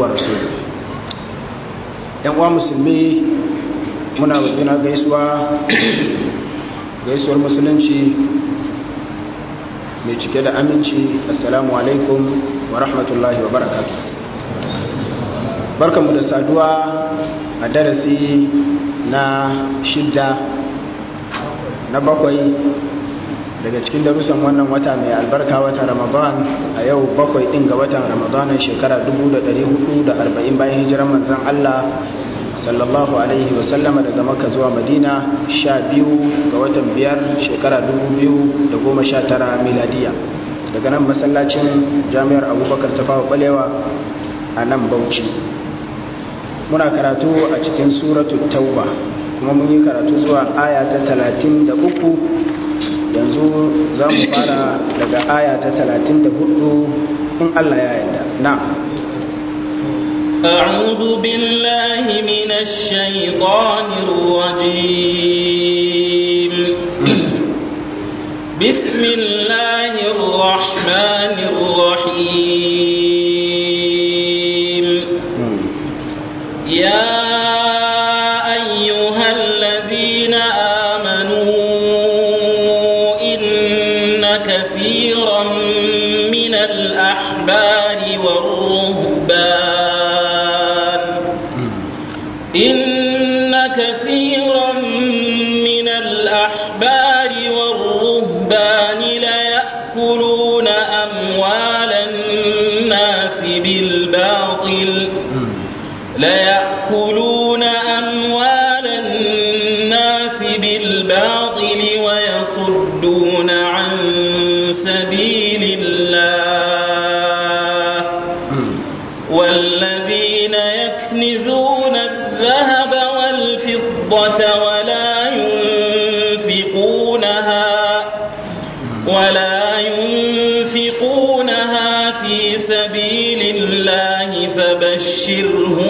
wa yan wa musulmi muna bayyana gaisuwa gaisuwar musulunci mai cike da aminci assalamu alaikum wa rahmatullahi wa barakatu barkanmu da saduwa a darasi na shidda na bakwai daga cikin darussan wannan wata mai albarka wata ramadan a yau bakwai ɗin ga watan ramadanin shekara arba'in bayan hijirar manzan Allah sallallahu alaihi wasallam daga maka zuwa madina sha ga watan biyar shekara 2019 miladiya daga nan masallacin jami'ar abubakar ta fawa balewa a nan bauchi muna karatu a cikin suratul tauba kuma mun yi karatu zuwa aya ta 33 yanzu za mu fara daga aya ta 34 in Allah ya yarda na أعوذ بالله من الشيطان الرجيم بسم الله الرحمن الرحيم يا الرحمن والرهبان إن كثيرا من الأحبار والرهبان ليأكلون أموال الناس بالباطل ليأكلون أموال الناس بالباطل ويصدون عن سبيل estilo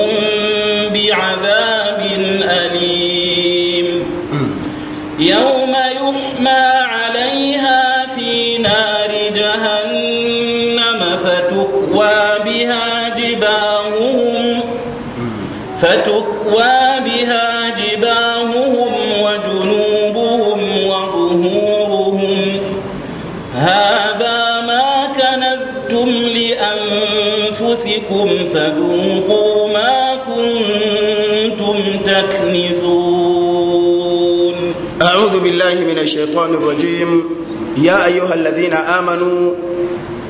أنفسكم فذوقوا ما كنتم تكنزون أعوذ بالله من الشيطان الرجيم يا أيها الذين آمنوا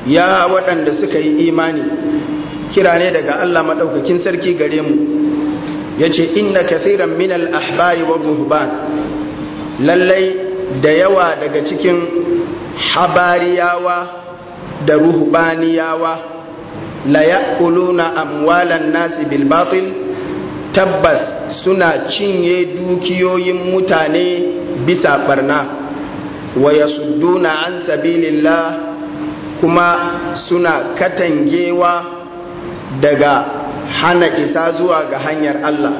يا وطن سكي إيماني kira ne daga Allah maɗaukakin sarki gare mu ya ce inna kafiran minal ahbari wa ruhban lallai da yawa daga cikin habariyawa da ruhbaniyawa la ya'kuluna amwalan nasi bil batil tabbas suna cinye dukiyoyin mutane bisa barna wa yasudduna an sabilillah kuma suna katangewa daga hana isa zuwa ga hanyar Allah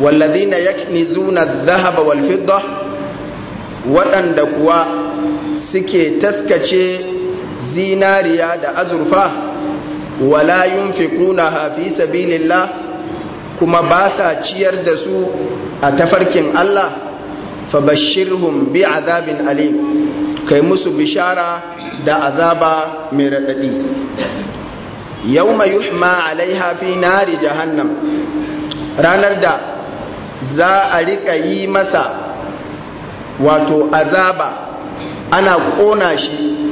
wallazina yaknizuna adh-dhahaba wal fidda waɗanda kuwa suke taskace zinariya da azurfa wala Hafi fi sabilillah kuma ba sa ciyar da su a tafarkin Allah fabashshirhum bi azabin alim kai musu bishara da azaba mai radadi mai yuhma alaiha fi nari jahannam ranar da za a riƙa yi masa wato azaba ana kona shi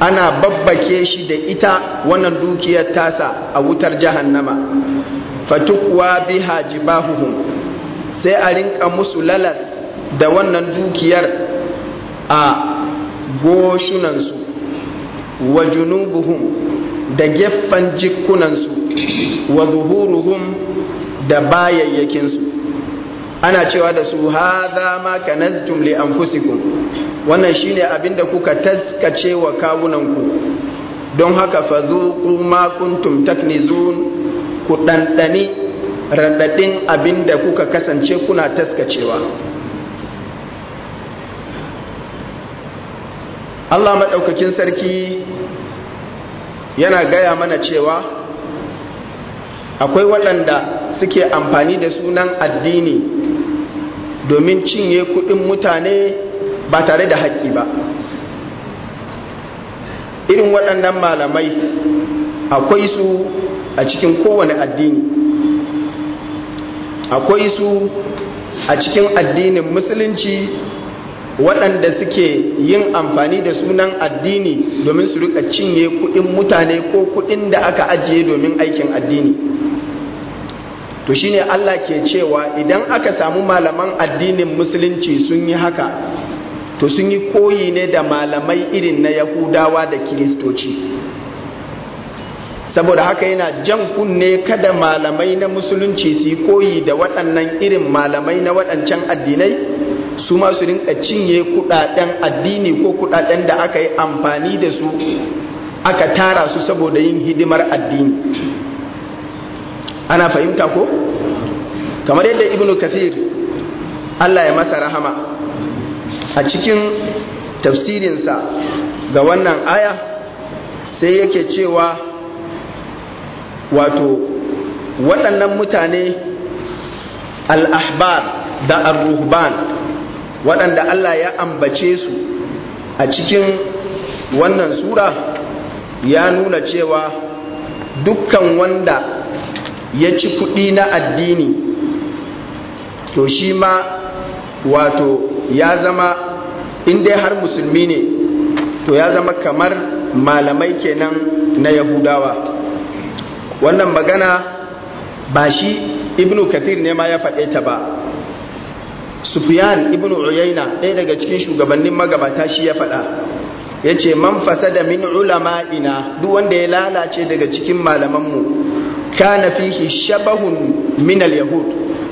ana babbake shi da ita wannan dukiyar tasa a wutar jahannama fatukwa biha jibahuhum sai a rinka musu lalas da wannan dukiyar a goshunansu wa junubuhum da gefen jikunansu wa zuhuruhum da bayayyakinsu ana cewa da su za ma nazitum li fusiku, wannan shine da kuka taskace wa kawunanku don haka fazuqu ma kuntum taknizun ku dandani abin abinda kuka kasance kuna taskacewa Allah maɗaukakin sarki yana gaya mana cewa akwai waɗanda suke amfani da sunan addini domin cinye kuɗin mutane ba tare da haƙƙi ba irin waɗannan malamai akwai su a cikin kowane addini akwai su a cikin addinin musulunci waɗanda suke yin amfani da sunan addini domin su rika cinye kuɗin mutane ko kuɗin da aka ajiye domin aikin addini to shine Allah ke cewa idan aka samu malaman addinin musulunci sun yi haka to sun yi koyi ne da malamai irin na yahudawa da kiristoci saboda haka yana jan kunne kada malamai na musulunci su yi koyi da waɗannan irin malamai na waɗancan addinai su ma su rinka cinye kuɗaɗen addini ko kuɗaɗen da aka yi amfani da su aka tara su saboda yin hidimar addini ana fahimta ko kamar yadda ibnu kasir Allah ya masa rahama a cikin tafsirinsa ga wannan aya sai yake cewa wato waɗannan mutane al'ahbar da al-ruhban waɗanda Allah ya ambace su a cikin wannan sura ya nuna cewa dukkan wanda ya ci kuɗi na addini to shi ma wato ya zama in dai har musulmi ne to ya zama kamar malamai kenan na yahudawa wannan magana ba shi ibnu kathir ne ma ya faɗe ta ba sufyan ibnu uyaina ɗaya daga cikin shugabannin magabata shi ya faɗa ya ce man fasada min ina duk wanda ya lalace daga cikin malamanmu kana fihi shabahun min al-yahud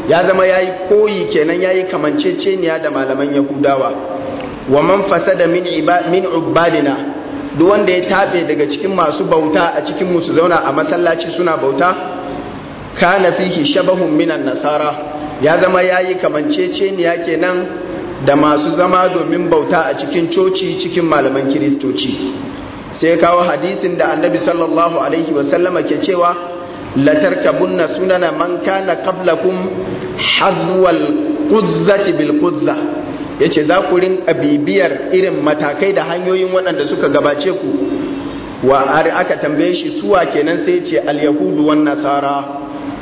ya zama yayi koyi kenan yayi kamanceceniya da malaman yahudawa wa man fasada min min ubadina duk wanda ya tabe daga cikin masu bauta a cikin musu zauna a masallaci suna bauta kana fihi shabahun min nasara ya zama yayi kamanceceniya kenan da masu zama domin bauta a cikin coci cikin malaman kiristoci sai kawo hadisin da annabi sallallahu alaihi wasallama ke cewa latarkabunna sunana man kana qablakum hadwal quzzati bil quzza yace za ku rinka bibiyar irin matakai da hanyoyin waɗanda suka gabace ku wa ari aka tambaye shi suwa kenan sai ce al yahudu wan nasara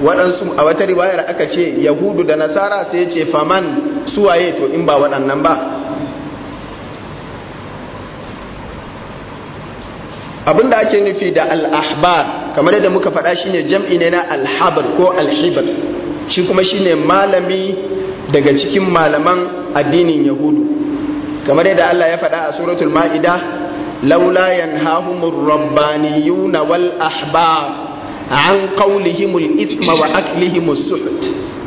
waɗansu a wata riwayar aka ce yahudu da nasara sai ce faman suwaye to in ba waɗannan ba abinda ake nufi da al'ahbar, kamar yadda muka faɗa shine jam'i ne na alhabar ko al shi kuma shine malami daga cikin malaman addinin yahudu kamar yadda Allah ya faɗa a suratul ma'ida laula yanhahumur rabbaniyuna wal ahbar an qawlihimul ithma wa aklihimus suht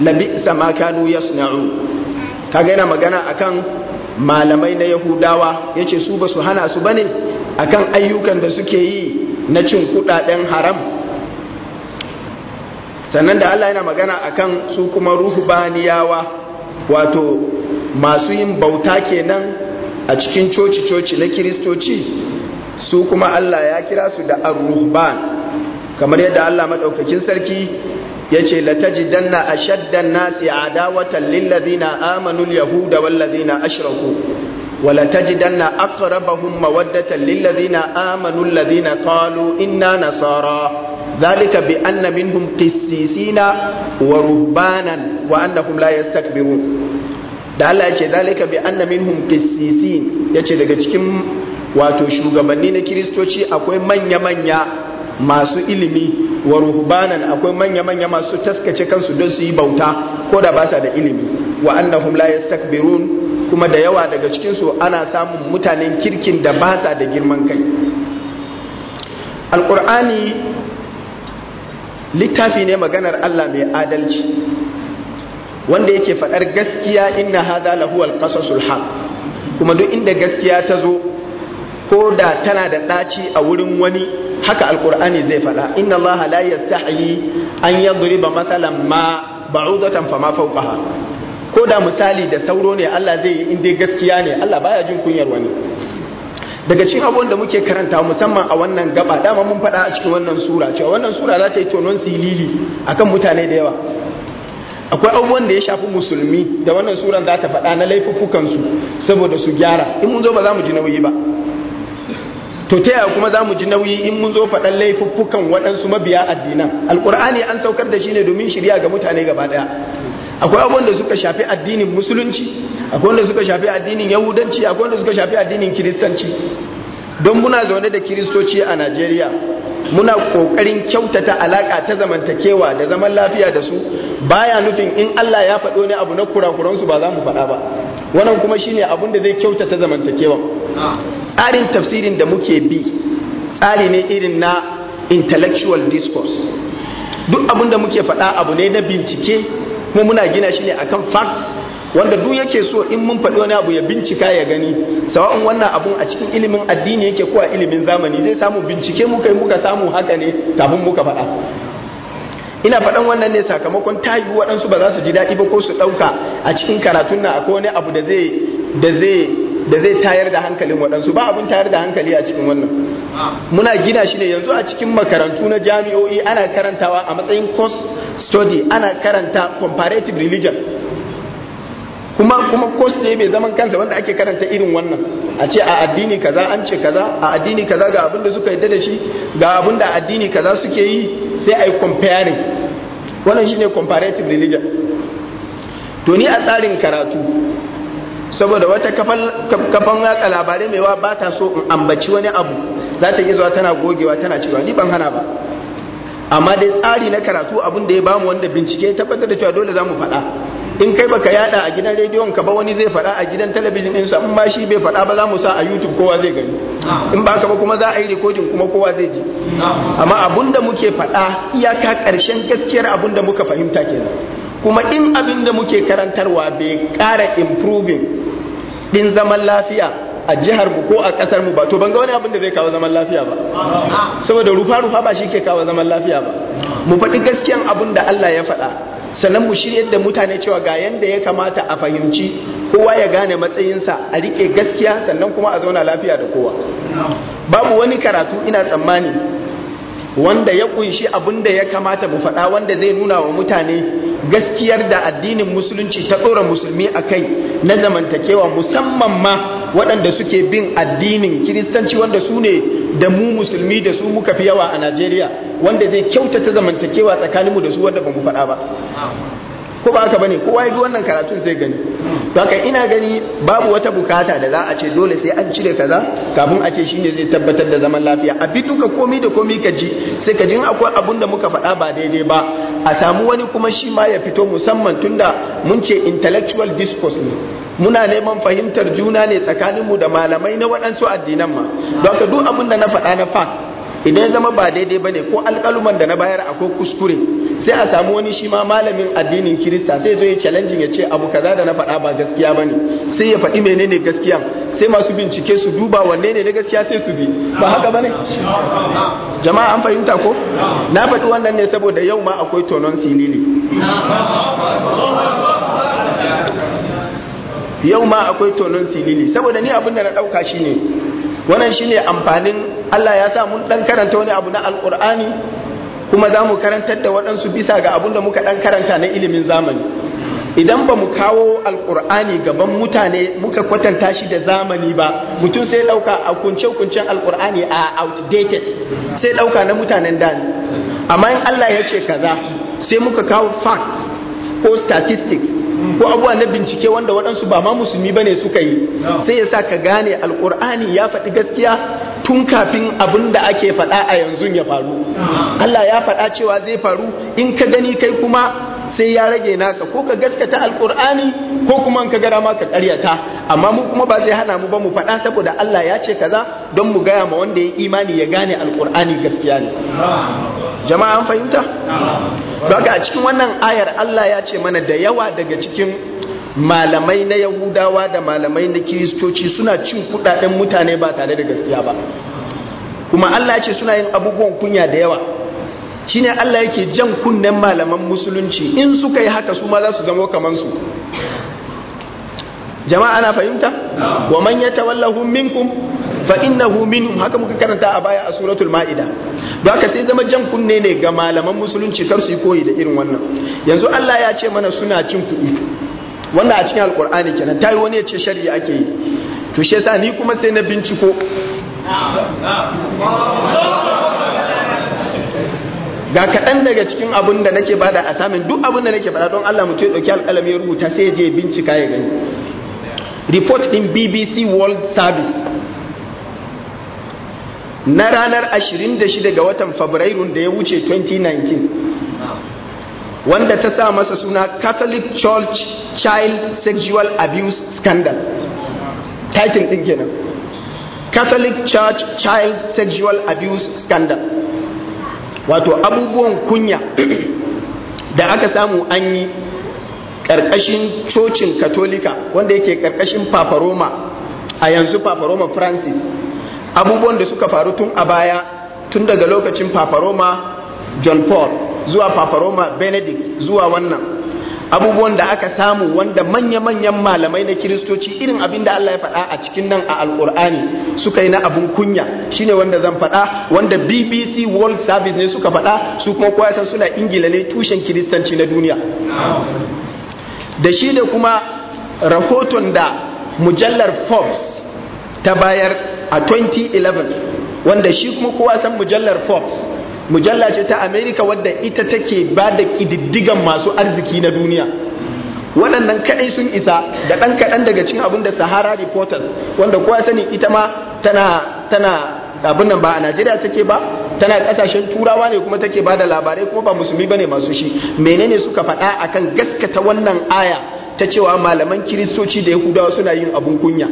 labi'sa ma kanu suna'u, kaga yana magana akan malamai na yahudawa ya ce su ba su hana su bane akan ayyukan da suke yi na cin kudaden haram sannan da Allah yana magana akan su kuma ruhu ruhbaniyawa wato masu yin bauta kenan a cikin coci-coci na kiristoci su kuma Allah ya kira su da ruhu ba. kamar yadda Allah maɗaukakin sarki yace latajidanna ashaddan nasi adawatan lil ladina amanu al yahuda wal ladina ashraku wa latajidanna aqrabahum mawaddatan lil ladina amanu al ladina qalu inna nasara ذلك بأن منهم قسيسين ورهبانا وأنهم لا يستكبرون da Allah ce zalika bi anna minhum qissisin yace daga cikin wato shugabanni na kiristoci akwai manya manya masu ilimi wa ruhbanan akwai manya-manya masu taskace kansu don su yi bauta ko da ba sa da ilimi wa annahum la yastakbirun kuma da yawa daga cikin su ana samun mutanen kirkin da ba sa da girman kai alqur'ani littafi ne maganar Allah mai adalci wanda yake faɗar gaskiya inna hadha lahu alqasasul haq kuma duk inda gaskiya ta zo ko da tana da ɗaci a wurin wani haka alkur'ani zai faɗa inna allaha la yastahi an yadriba masalan ma ba'udatan fama fawqaha ko da misali da sauro ne Allah zai yi inda gaskiya ne Allah baya jin kunyar wani daga cikin abubuwan da muke karanta musamman a wannan gaba dama mun faɗa a cikin wannan sura cewa wannan sura za ta yi tonon silili akan mutane da yawa akwai abubuwan da ya shafi musulmi da wannan suran za ta faɗa na laifukan su saboda su gyara in mun zo ba za mu ji nauyi ba to ta yaya kuma za mu ji nauyi in mun zo faɗan laifuffukan waɗansu mabiya addinan alƙur'ani an saukar da shi ne domin shirya ga mutane gaba ɗaya akwai abubuwan da suka shafi addinin musulunci akwai wanda suka shafi addinin yahudanci akwai wanda suka shafi addinin kiristanci don muna zaune da kiristoci a najeriya muna kokarin kyautata alaƙa ta zamantakewa da zaman lafiya da su baya nufin in allah ya faɗo ne abu na kurakuransu ba za mu faɗa ba wannan kuma shine abin da zai kyautata zamantakewa tsarin tafsirin da muke bi tsari ne irin na intellectual discourse duk abin da muke faɗa abu ne na bincike kuma muna gina shi ne akan facts wanda duk yake so in mun faɗi wani abu ya bincika ya gani sawa'un wannan abun a cikin ilimin addini yake ko a ilimin zamani zai samu bincike muka yi muka samu haka ne kafin muka faɗa ina faɗan wannan ne sakamakon ta waɗansu ba za su ji daɗi ba ko su ɗauka a cikin karatun nan akwai wani abu da zai tayar da hankalin waɗansu ba abin tayar da hankali a cikin wannan muna gina shi ne yanzu a cikin makarantu na jami'o'i ana karantawa a matsayin course study ana karanta comparative religion kuma kuma course ne mai zaman kansa wanda ake karanta irin wannan a ce a addini kaza an ce kaza a addini kaza ga abin da suka yadda da shi ga abin da addini kaza suke yi sai a yi comparing wannan shine comparative religion to ni a tsarin karatu saboda wata kafan watsa labarai mai yawa ba ta so in ambaci wani abu za ta zuwa tana gogewa tana cewa ni ban hana ba amma dai tsari na karatu abin da ya bamu wanda bincike tabbatar da cewa dole za mu faɗa in kai baka yada a gidan rediyon ka ba wani zai fada a gidan talabijin din sa in ma shi bai faɗa ba za mu sa a YouTube kowa zai gani in ba ka ba kuma za a yi recording kuma kowa zai ji amma abinda muke fada iyaka karshen gaskiyar abinda muka fahimta kenan kuma in abinda muke karantarwa bai kara improving din zaman lafiya a jihar mu ko a kasar mu ba to ban ga wani abin da zai kawo zaman lafiya ba saboda rufa rufa ba shi ke kawo zaman lafiya ba mu faɗi gaskiyan abin da Allah ya faɗa sannan mu shiryar da mutane cewa ga yanda ya kamata a fahimci kowa ya gane matsayinsa a rike gaskiya sannan kuma a zauna lafiya da kowa babu wani karatu ina tsammani wanda ya kunshi abin da ya kamata mu faɗa wanda zai nuna wa mutane gaskiyar da addinin musulunci ta ɗora musulmi a kai na zamantakewa musamman ma waɗanda suke bin addinin kiristanci wanda su ne da mu musulmi da su muka fi yawa a najeriya wanda zai kyautata zamantakewa tsakaninmu da su wanda ba mu faɗa ba ko ba haka bane kowa ya bi wannan karatun zai gani haka ina gani babu wata bukata da za a ce dole sai an cire kaza kafin a ce shine zai tabbatar da zaman lafiya a bi duka komi da komai ka ji sai ka ji akwai abun da muka faɗa ba daidai ba a samu wani kuma shi ma ya fito musamman tunda mun ce intellectual discourse ne muna neman fahimtar juna ne tsakaninmu da malamai na waɗansu addinan ma don ka duk abin da na faɗa na fak. idan ya zama ba daidai bane ko alƙaluman da na bayar akwai kuskure sai a samu wani shi ma malamin addinin kirista sai zo ya challenging ya ce abu kaza da na faɗa ba gaskiya bane sai ya faɗi menene gaskiya sai masu bincike su duba wanne ne na gaskiya sai su bi ba haka bane jama'a an fahimta ko na faɗi wannan ne saboda yau ma akwai tonon silili yau ma akwai tonon silili saboda ni abin da na ɗauka shine wannan shine amfanin Allah ya sa mun dan karanta wani abu na alqur'ani kuma zamu mu karantar da waɗansu bisa ga abun da muka dan karanta na ilimin zamani idan ba mu kawo alkur'ani gaban mutane muka kwatanta shi da zamani ba mutum sai ɗauka a kunce-kuncen alkur'ani a outdated sai ɗauka na mutanen da ne amma in Allah ya ce kaza sai muka kawo facts ko statistics ko abuwa na bincike wanda waɗansu ba ma musulmi ne suka yi sai yasa ka gane alkur'ani ya faɗi gaskiya tun kafin abin da ake faɗa a yanzu ya faru Allah ya faɗa cewa zai faru in ka gani kai kuma sai ya rage naka ko ka gaskata alkur'ani ko kuma ka gara ma ka karyata amma mu kuma ba zai hana mu ba mu faɗa saboda Allah ya ce kaza don mu gaya ma wanda ya imani ya gane alkur'ani gaskiya ne jama'a an fahimta daga a cikin wannan ayar Allah ya ce mana da yawa daga cikin malamai na yahudawa da malamai na kiristoci suna cin kuɗaɗen mutane ba tare da gaskiya ba kuma Allah ya ce suna yin abubuwan kunya da yawa shi ne Allah yake jan kunnen malaman musulunci in suka yi haka su ma za su zamo kamansu? jama'a ana fahimta wa man yatawallahu minkum fa innahu minhum haka muka karanta a baya a suratul maida don haka sai zama jan kunne ne ga malaman musulunci kar su yi koyi da irin wannan yanzu Allah ya ce mana suna cin kuɗi wanda a cikin alkur'ani kenan tayi wani ya ce shari'a ake yi to shi ni kuma sai na binciko ga kaɗan daga cikin abin da nake bada a samun duk abin da nake bada don Allah mutum ya ɗauki alƙalami rubuta sai ya je bincika ya gani report ɗin BBC World Service na ranar 26 ga watan Fabrairu da ya wuce 2019 wanda ta sa masa suna Catholic Church Child Sexual Abuse Scandal title ɗin kenan Catholic Church Child Sexual Abuse Scandal wato abubuwan kunya da aka samu an yi ƙarƙashin cocin katolika wanda yake ƙarƙashin paparoma a yanzu paparoma francis abubuwan da suka faru tun a baya tun daga lokacin paparoma john paul zuwa paparoma benedict zuwa wannan abubuwan da aka samu wanda manya-manyan malamai na kiristoci irin abin da Allah ya faɗa a cikin nan a alkur'ani suka yi na abin kunya shine wanda zan faɗa wanda BBC World Service ne suka faɗa su kuma kowa suna Ingila ne tushen kiristanci na duniya da shi da kuma rahoton da mujallar Forbes ta bayar a 2011 wanda shi kuma kowa san mujallar Forbes mujalla ce ta Amerika wadda ita take ba da ƙididdigan masu arziki na duniya waɗannan kaɗai sun isa da ɗan kaɗan daga cikin abin da sahara reporters wanda kowa sani ita ma tana tana abin nan ba a najeriya take ba tana ƙasashen turawa ne kuma take ba da labarai kuma ba musulmi ba ne masu shi menene suka faɗa akan gaskata wannan aya ta cewa malaman kiristoci da yahudawa suna yin abun kunya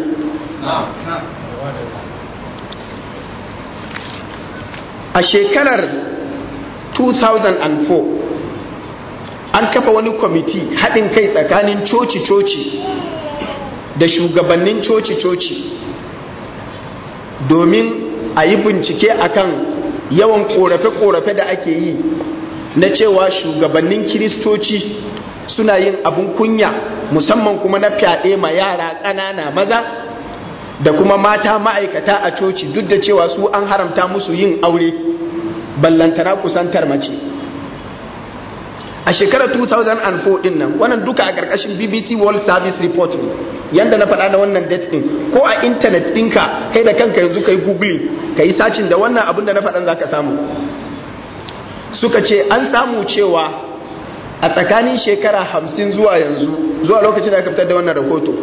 a shekarar 2004 an kafa wani kwamiti haɗin kai tsakanin coci-coci da shugabannin coci-coci domin a yi bincike akan yawan ƙorafe-ƙorafe da ake yi na cewa shugabannin kiristoci suna yin abun kunya musamman kuma na fyaɗe ma yara ƙanana maza da kuma mata ma'aikata a coci duk da cewa su an haramta musu yin aure ballantara kusantar mace a shekarar 2004 din nan wannan duka a ƙarƙashin bbc world service report ne yadda na faɗa da wannan date din ko a intanet ɗinka kai da kanka yanzu ka yi googling ka yi sacin da wannan abin da na faɗan za ka samu suka ce an samu cewa a tsakanin shekara hamsin zuwa yanzu zuwa lokacin da aka fitar da wannan rahoto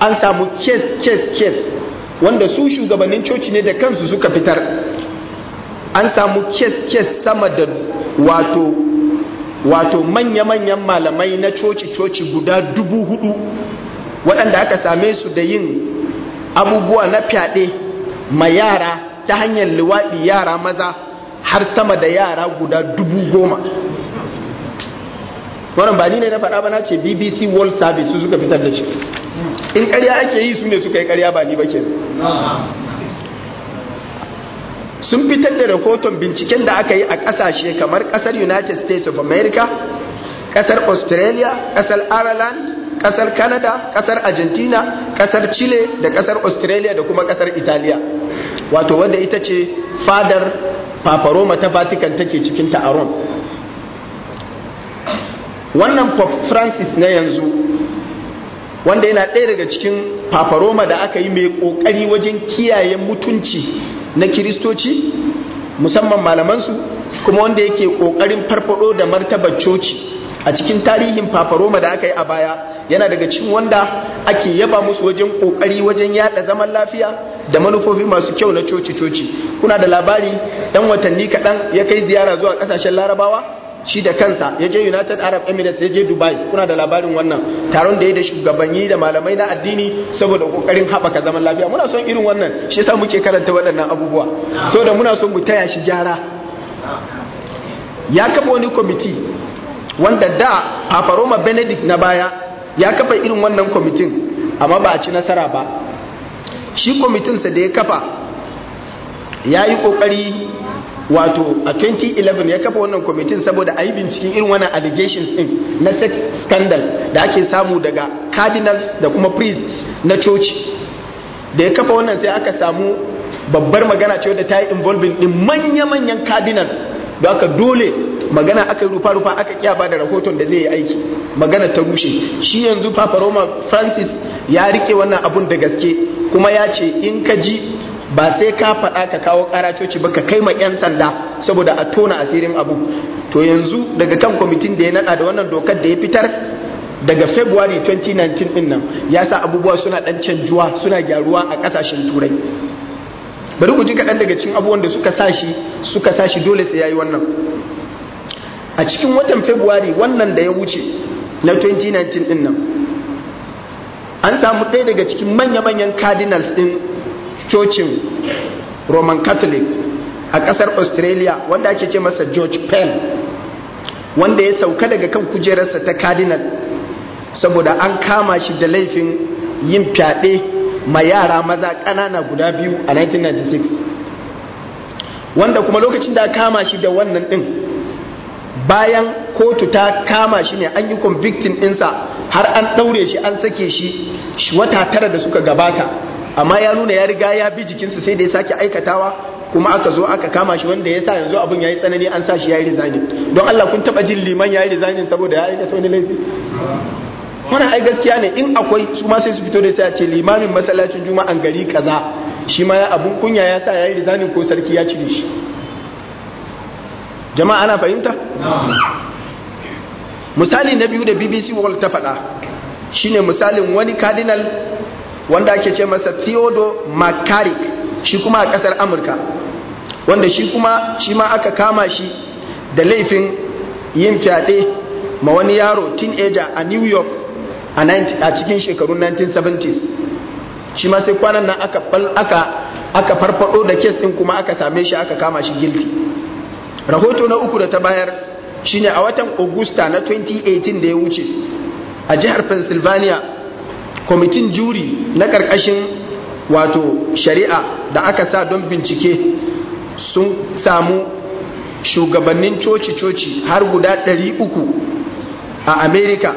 an samu kes kes kes wanda su shugabannin coci ne da kansu suka fitar an samu kes kes sama da wato wato manya-manyan malamai na coci-coci guda dubu hudu waɗanda aka same su da yin abubuwa na fyaɗe ma yara ta hanyar luwaɗi yara maza har sama da yara guda dubu goma wannan ba ni ne na faɗa ba na ce bbc world service su suka fitar da shi in ƙarya ake yi su ne suka yi ƙarya ba ni ba ke sun fitar da rahoton binciken da aka yi a ƙasashe kamar ƙasar united states of america ƙasar australia ƙasar ireland ƙasar canada ƙasar argentina ƙasar chile da ƙasar australia da kuma ƙasar italiya wato wanda ita ce fadar paparoma ta vatican take cikin ta wannan pope francis na yanzu wanda yana ɗaya daga cikin fafaroma da aka yi mai ƙoƙari wajen kiyaye mutunci na kiristoci musamman malamansu kuma wanda yake ƙoƙarin farfaɗo da martabar coci a cikin tarihin fafaroma da aka yi a baya yana daga cikin wanda ake yaba musu wajen ƙoƙari wajen yada zaman lafiya da manufofi masu kyau na coci-coci kuna da labari ɗan watanni kaɗan ya kai ziyara zuwa ƙasashen larabawa shi da kansa ya je united arab emirates ya je dubai kuna da labarin wannan taron da ya da shugabanni da malamai na addini saboda kokarin haɓaka zaman lafiya muna son irin wannan shi yasa muke karanta waɗannan abubuwa saboda muna son mu taya shi gyara ya kafa wani kwamiti wanda da papa roma benedict na baya ya kafa irin wannan kwamitin amma ba a ci nasara ba shi kwamitinsa da ya kafa ya yi kokari wato a 2011 ya kafa wannan kwamitin saboda a yi binciken irin wannan allegations din na sex scandal da ake samu daga cardinals da kuma priests na coci da ya kafa wannan sai aka samu babbar magana ce da ta yi involving din manya-manyan cardinals da aka dole magana aka yi rufa-rufa aka kiya ba da rahoton da zai yi aiki magana ta rushe shi yanzu papa roma francis ya rike wannan abun da gaske kuma ya ce in ka ji ba sai ka faɗa ka kawo kara coci ba ka kai ma 'yan sanda saboda a tona asirin abu to yanzu daga kan kwamitin da ya nada da wannan dokar da ya fitar daga february 2019 din nan ya sa abubuwa suna ɗan canjuwa suna gyaruwa a kasashen turai bari ku ji kaɗan daga cikin abubuwan da suka sa suka sa dole sai ya wannan a cikin watan february wannan da ya wuce na 2019 din nan an samu ɗaya daga cikin manya-manyan cardinals din cocin roman catholic a kasar australia wanda ake ce masa george penn wanda ya sauka daga kan kujerarsa ta cardinal saboda an kama shi da laifin yin fyaɗe ma yara maza ƙanana guda biyu a 1996 wanda kuma lokacin da kama shi da wannan ɗin bayan kotu ta kama shi ne an yi convicting ɗinsa har an ɗaure shi an sake shi wata tara da suka gabata amma ya nuna ya riga ya bi jikinsa sai da ya sake aikatawa kuma aka zo aka kama shi wanda ya sa yanzu abin ya yi tsanani an sa shi ya yi rizanin don Allah kun taɓa jin liman ya yi rizanin saboda ya aikata wani laifi wannan ai gaskiya ne in akwai su ma sai su fito da sai ce limamin masallacin juma'an gari kaza shi ma abun kunya ya sa ya yi rizanin ko sarki ya cire shi jama'a ana fahimta misali na biyu da BBC World ta faɗa shine misalin wani cardinal wanda ake ce masa Theodore McCarrick shi kuma a kasar Amurka wanda shi kuma shi ma aka kama shi da laifin yin fyaɗe ma wani yaro teenager a New York a, cikin shekarun 1970s shi ma sai kwanan nan aka farfaɗo farfado da kes ɗin kuma aka same shi aka kama shi guilty rahoto na uku da ta bayar shine a watan Augusta na 2018 da ya wuce a jihar Pennsylvania kwamitin juri na ƙarƙashin wato shari'a da aka sa don bincike sun samu shugabannin coci-coci har guda 300 a amerika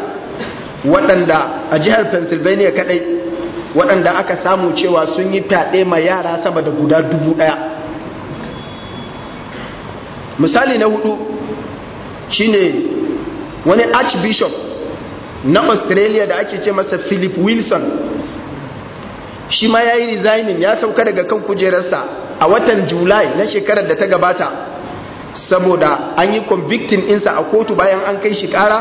waɗanda a jihar pennsylvania kaɗai waɗanda aka samu cewa sun yi fyaɗe ma yara sama da guda dubu ɗaya misali na hudu shine wani archbishop na australia da ake ce masa philip wilson shi ma ya yi resigning ya sauka daga kan kujerarsa a watan july na shekarar da ta gabata saboda an yi convictin insa a kotu bayan an kai shi kara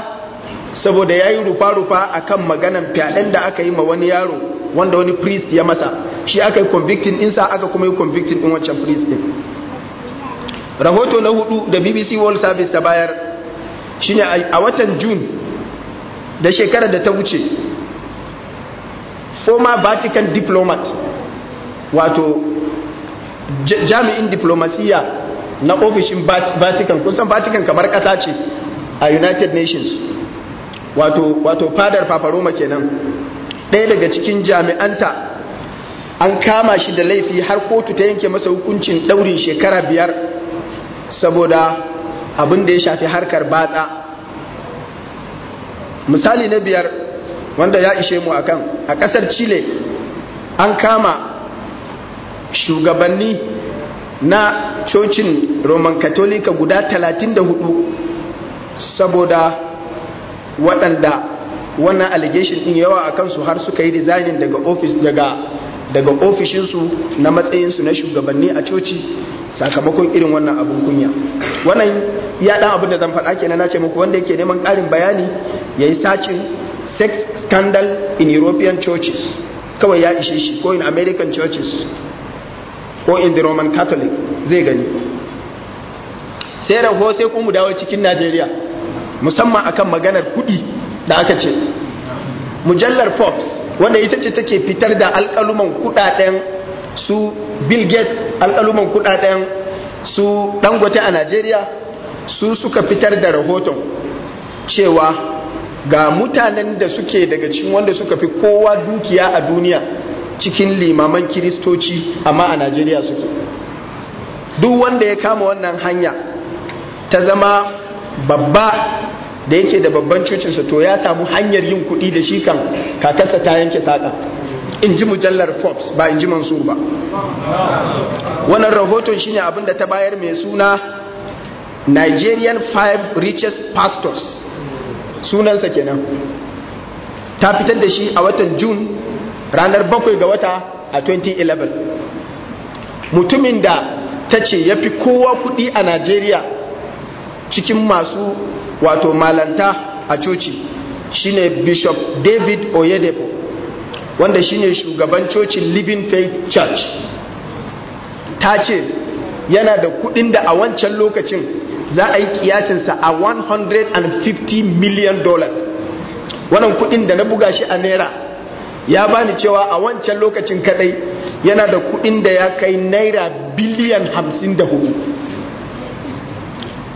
saboda ya yi rufa-rufa a kan maganan fyaɗen da aka yi ma wani yaro wanda wani priest ya masa shi aka yi convictin insa aka kuma yi convictin ɗin wancan priest ɗin rahoto na hudu da bbc world service ta bayar shine a watan june da shekarar da ta wuce former vatican diplomat wato jami'in diplomatiya na ofishin vatican kusan vatican kamar kasa ce a united nations wato fadar fafaroma kenan ɗaya daga cikin jami'anta an kama shi da laifi har kotu ta yanke masa hukuncin ɗaurin shekara biyar saboda abin da ya shafi harkar batsa misali na biyar wanda ya ishe mu akan a kasar chile an kama shugabanni na cocin roman katolika guda 34 saboda waɗanda wannan allegation ɗin yawa a kansu har suka yi resigning daga ofishinsu na matsayinsu na shugabanni a coci sakamakon irin wannan abun kunya wannan ya dan abin da zan faɗa kenan na ce muku wanda yake neman karin bayani yayi sacin sex scandal in European churches kawai ya ishe shi ko in American churches ko in the Roman Catholic zai gani sai raho sai kuma dawo cikin Najeriya musamman akan maganar kuɗi da aka ce mujallar Forbes wanda ita ce take fitar da alƙaluman kuɗaɗen su bill gates alƙaluman kudaden su dangote a nigeria su suka fitar da rahoton cewa ga mutanen da suke daga cikin wanda suka fi kowa dukiya a duniya cikin limaman kiristoci amma a nigeria suke duk wanda ya kama wannan hanya ta zama babba da yake da babban cocinsa to ya samu hanyar yin kudi da shi kan kakasa ta yanke saƙa in ji mujallar forbes ba in ji mansur ba wannan rahoton shine abin da ta bayar mai suna nigerian five richest pastors sunansa kenan ta fitar da shi a watan Jun ranar bakwai ga wata a 2011 mutumin da ta ce ya fi kowa kudi a nigeria cikin masu wato malanta a coci shine bishop david oyedepo wanda shine shugaban cocin living faith church ta ce yana da kudin da a wancan lokacin za a yi kiyasinsa a 150 million dollars wannan kudin da na buga shi a naira ya bani cewa a wancan lokacin kadai yana da kudin da ya kai naira biliyan hamsin da hudu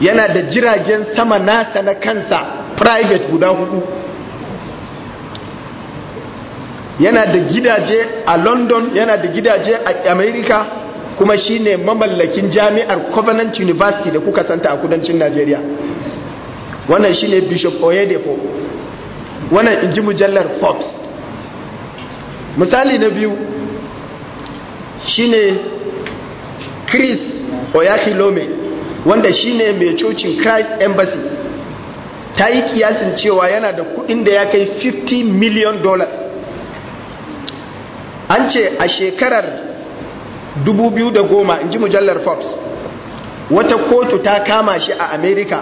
yana da jiragen sama nasa na kansa private guda hudu yana da gidaje a london yana da gidaje a america kuma shi ne mamallakin jami'ar covenant university da kuka santa a kudancin nigeria wannan shi ne bishop oyedepo wannan inji mujallar forbes misali na biyu shi ne chris oyakilome wanda shi ne mai cocin christ embassy ta yi kiyasin cewa yana da kudin da ya kai 50 million dollars an ce a shekarar 2010 in ji mujallar forbes wata kotu ta kama shi a america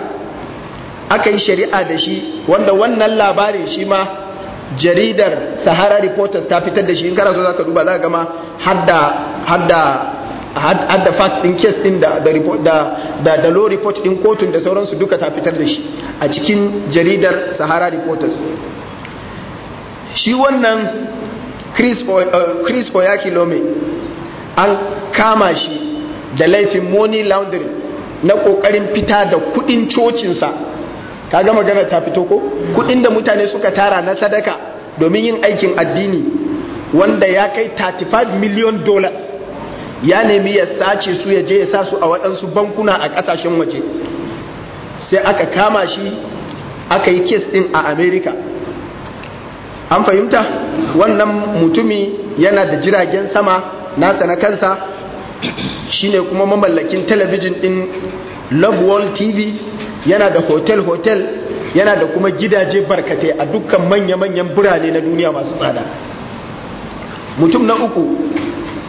aka yi shari'a da shi wanda wannan labarin shi ma jaridar sahara reporters ta fitar da shi in karatu za ka duba ka gama hadda fact in case din da da da report din kotun da sauransu duka ta fitar da shi a cikin jaridar sahara reporters shi wannan chris uh, Lome an kama shi da laifin money laundering na kokarin fita da kudin cocinsa ka gama gana ta fito ko kudin da mutane suka tara na sadaka domin yin aikin addini wanda ya kai 35 million dollars ya nemi ya sace su ya je ya sa su a waɗansu bankuna a ƙasashen waje sai aka kama shi aka yi kes ɗin a america an fahimta wannan mutumi yana da jiragen sama nasa na kansa shine kuma mamallakin talabijin din love world tv yana da hotel hotel yana da kuma gidaje barkatai a dukkan manya-manyan birane na duniya masu tsada mutum na uku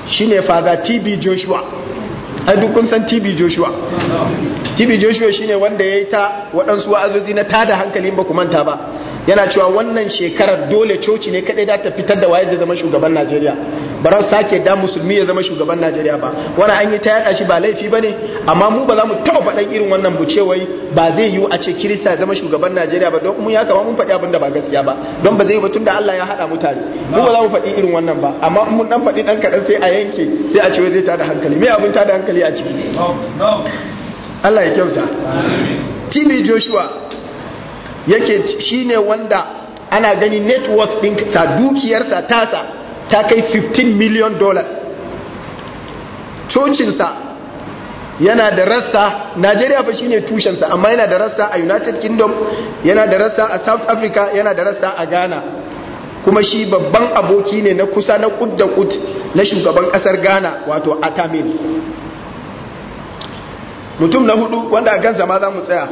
shine fada tb joshua a dukkan san tb joshua tb joshua shine wanda ya yi ta waɗansu wa'azozi na tada hankali ba ku manta ba yana cewa wannan shekarar dole coci ne kadai da ta fitar da waye zai zama shugaban Najeriya ba ran sake da musulmi ya zama shugaban Najeriya ba wani an yi ta yada shi ba laifi bane amma mu ba za mu taba faɗan irin wannan bu wai ba zai yiwu a ce Kirista ya zama shugaban Najeriya ba don mu ya kama mun faɗi abin da ba gaskiya ba don ba zai ba tunda Allah ya hada mutane mu ba za mu faɗi irin wannan ba amma mun dan faɗi dan kadan sai a yanke sai a ce wai zai tada hankali me abin tada hankali a ciki Allah ya kyauta Timi Joshua yake shine wanda ana gani net worth din sa dukiyarsa tasa ta kai 15 million dollars cocinsa yana da rassa Najeriya fa shine tushensa amma yana da rassa a United Kingdom yana da rassa a South Africa yana da rassa a Ghana kuma shi babban aboki ne na kusa na kud da kud na shugaban kasar Ghana wato Atamil mutum na hudu wanda a ganza ma za mu tsaya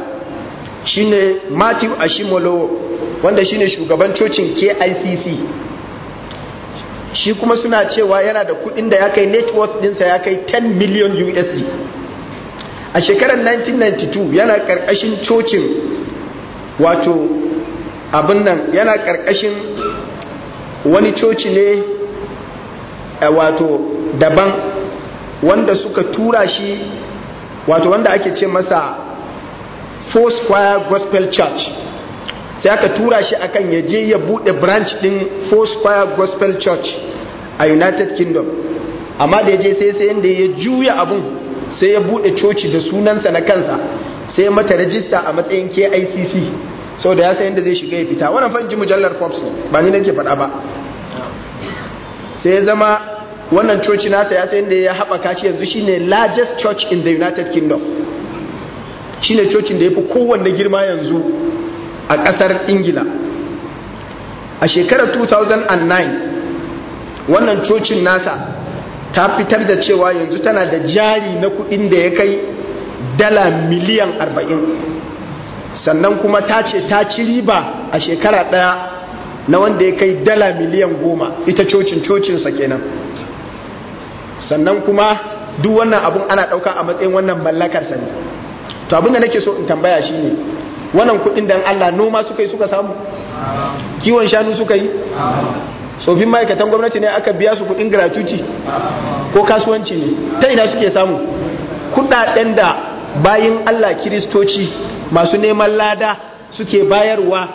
shine Matthew Ashimolo wanda shine shugaban cocin KICC shi kuma suna cewa yana da kudin da ya kai net worth dinsa ya kai 10 million USD a shekarar 1992 yana karkashin cocin wato abin nan yana karkashin wani coci ne a eh, wato daban wanda suka tura shi wato wanda ake ce masa four square gospel church sai aka tura shi akan ya je ya bude branch din four square gospel church a united kingdom amma da ya je sai sai inda ya juya abun sai ya bude coci da sunansa na kansa sai mata rajista a matsayin KICC sau da ya sai da zai shiga ya fita wannan fanji mujallar Forbes ba ni nake faɗa ba sai ya zama wannan coci nasa ya sai yanda ya haɓaka shi yanzu shine largest church in the United Kingdom shine cocin da ya fi kowanne girma yanzu a ƙasar ingila a shekarar 2009 wannan cocin nasa ta fitar da cewa yanzu tana da jari na kudin da ya kai dala miliyan 40 sannan kuma ta ce ta ci riba a shekara ɗaya na wanda ya kai dala miliyan 10 ita cocin cocinsa kenan sannan kuma duk wannan abun ana ɗauka a matsayin wannan mallakarsa ne to abinda nake so in tambaya shine wannan kudin dan Allah noma suka yi suka samu kiwon shanu suka yi tsofin ma'aikatan gwamnati ne aka biya su kudin gratuity ko kasuwanci ne ta ina suke samu kudaden da bayin Allah kiristoci masu neman lada suke bayarwa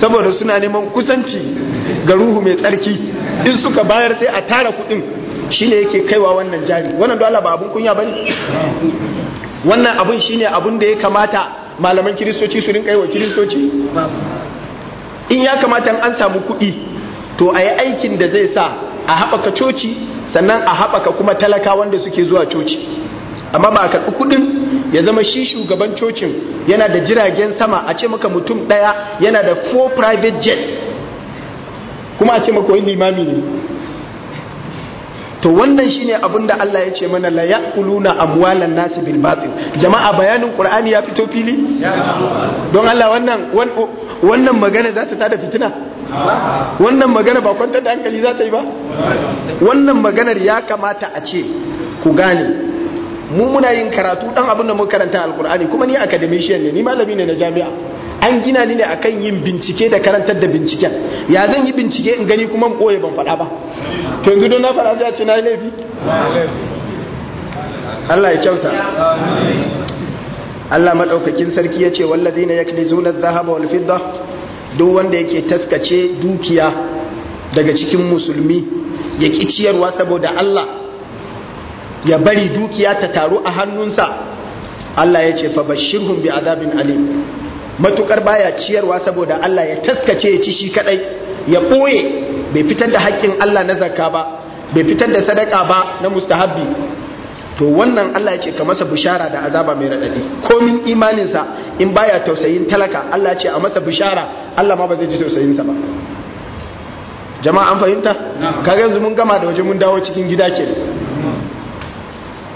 saboda suna neman kusanci ga ruhu mai tsarki in suka bayar sai a tara kudin shine yake kaiwa wannan jari wannan dole ba abun kunya bane wannan abun shine abun da ya kamata malaman kiristoci su rinka yi wa kiristoci in ya kamata an samu kuɗi to a yi aikin da zai sa a haɓaka coci sannan a haɓaka kuma talaka wanda suke zuwa coci amma ba a karɓi kuɗin ya zama shi shugaban cocin yana da jiragen sama a ce maka mutum ɗaya yana da four private jets kuma a ce maka wani limami ne to wannan shine abin da Allah ya ce mana la ya'kuluna amwalan nasi bil batil jama'a bayanin qur'ani ya fito fili don Allah wannan wannan magana za ta tada fitina wannan magana ba kwanta da hankali za ta yi ba wannan maganar ya kamata a ce ku gane mu muna yin karatu dan abin da muka karanta alqur'ani kuma ni academician ne ni malami ne na jami'a an gina ni ne akan yin bincike da karantar da binciken ya zan yi bincike in gani kuma ɓoye ban faɗa ba to yanzu don na faɗa ya ce na laifi Allah ya kyauta Allah madaukakin sarki ya ce wallazi na yakni zunar zahaba wal fidda duk wanda yake taskace dukiya daga cikin musulmi ya ƙi ciyarwa saboda Allah ya bari dukiya ta taru a hannunsa Allah ya ce fa bashirhum bi azabin alim matukar baya ciyarwa saboda Allah ya taskace ya ci shi kadai ya boye bai fitar da haƙƙin Allah na zakka ba bai fitar da sadaka ba na mustahabbi to wannan Allah ya ce ka masa bishara da azaba mai raɗaɗi komin imaninsa in baya tausayin talaka Allah ya ce a masa bishara Allah ma ba zai ji tausayin sa ba jama'a an fahimta kaga yanzu mun gama da waje mun dawo cikin gida kenan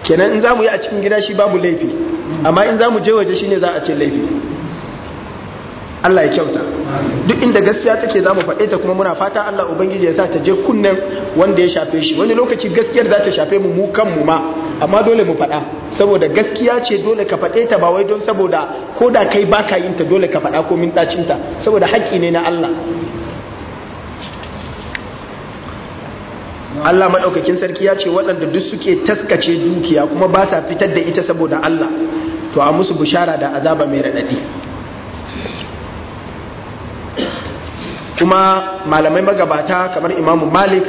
kenan in za mu yi a cikin gida shi babu laifi mm. amma in za mu je waje shine za a ce laifi Allah ya kyauta duk inda gaskiya take za mu faɗe ta kuma muna fata Allah ubangiji ya sa ta je kunnen wanda ya shafe shi wani lokaci gaskiyar za ta shafe mu mu kanmu ma amma dole mu faɗa saboda gaskiya ce dole ka faɗe ta ba wai don saboda ko da kai baka yin ta dole ka faɗa ko min ɗacin ta saboda haƙƙi ne na Allah Allah maɗaukakin sarki ya ce waɗanda duk suke taskace dukiya kuma ba sa fitar da ita saboda Allah to a musu bishara da azaba mai raɗaɗi kuma malamai magabata kamar imamu malik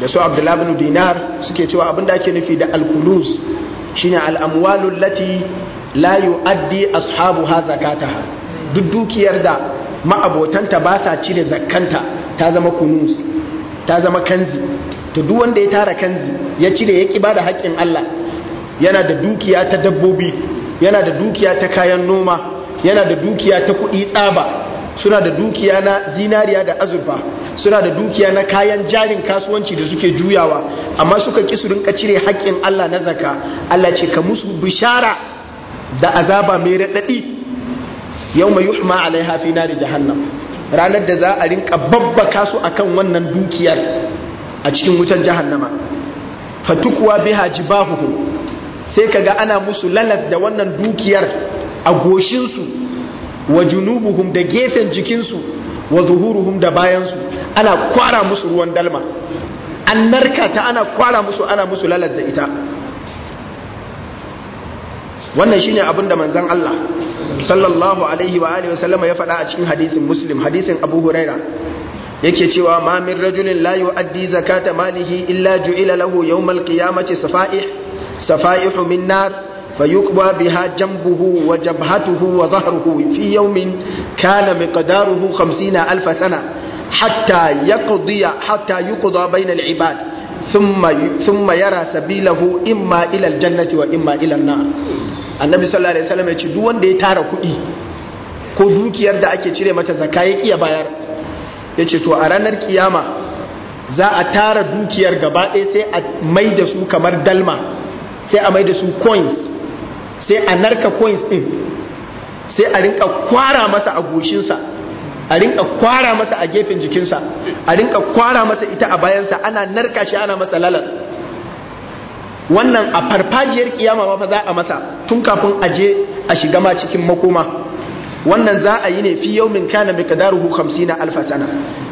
da su abdullahi bin dinar suke cewa abinda ake nufi da alkulus shine al'amwalul lati la yu'addi ashabu ha duk dukiyar da ma'abotanta ba sa cire zakkanta ta zama kunus ta zama kanzi to duk wanda ya tara kanzi ya cire ya ki bada haƙƙin Allah yana da dukiya ta dabbobi yana da dukiya ta kayan noma yana da dukiya ta kuɗi tsaba suna da dukiya na zinariya da azurfa suna da dukiya na kayan jarin kasuwanci da suke juyawa amma suka ƙisu su rinka cire haƙƙin Allah na zaka Allah ce ka musu bishara da azaba mai raɗaɗi yau mai yuhma alaiha fi nari jahannam ranar da za a rinka babbaka su kan wannan dukiyar a cikin wutan jahannama fatukuwa biha jibahuhum sai ka ga ana musu lalas da wannan dukiyar a goshinsu wa junubuhum da gefen jikinsu wa zuhuruhum da bayansu ana kwara musu ruwan dalma an narka ta ana kwara musu ana musu lalata ita wannan shine abin da manzon Allah sallallahu alaihi wa alihi wasallama ya faɗa a cikin hadisin muslim hadisin abu huraira yake cewa ma min rajulin la yu'addi zakata malihi illa ju'ila lahu yawmal qiyamati safaih safaihu min nar فيقبى بها جنبه وجبهته وظهره في يوم كان مقداره خمسين ألف سنة حتى يقضي حتى يقضى بين العباد ثم ثم يرى سبيله إما إلى الجنة وإما إلى النار النبي صلى الله عليه وسلم يقول دو wanda ya tara kuɗi ko dukiyar da ake cire mata zaka ya kiya bayar yace to a ranar kiyama za a tara dukiyar gaba ɗaya sai a mai da su kamar dalma sai a mai da su coins sai a narka coins ɗin sai a rinka kwara masa a goshinsa a rinka kwara masa a gefen jikinsa a rinka kwara masa ita a bayansa ana narka shi ana masa lalas wannan a farfajiyar kiyama ma fa za a masa tun kafin a je a shiga ma cikin makoma wannan za a yi ne fi min kana miqdaruhu 50 alf sana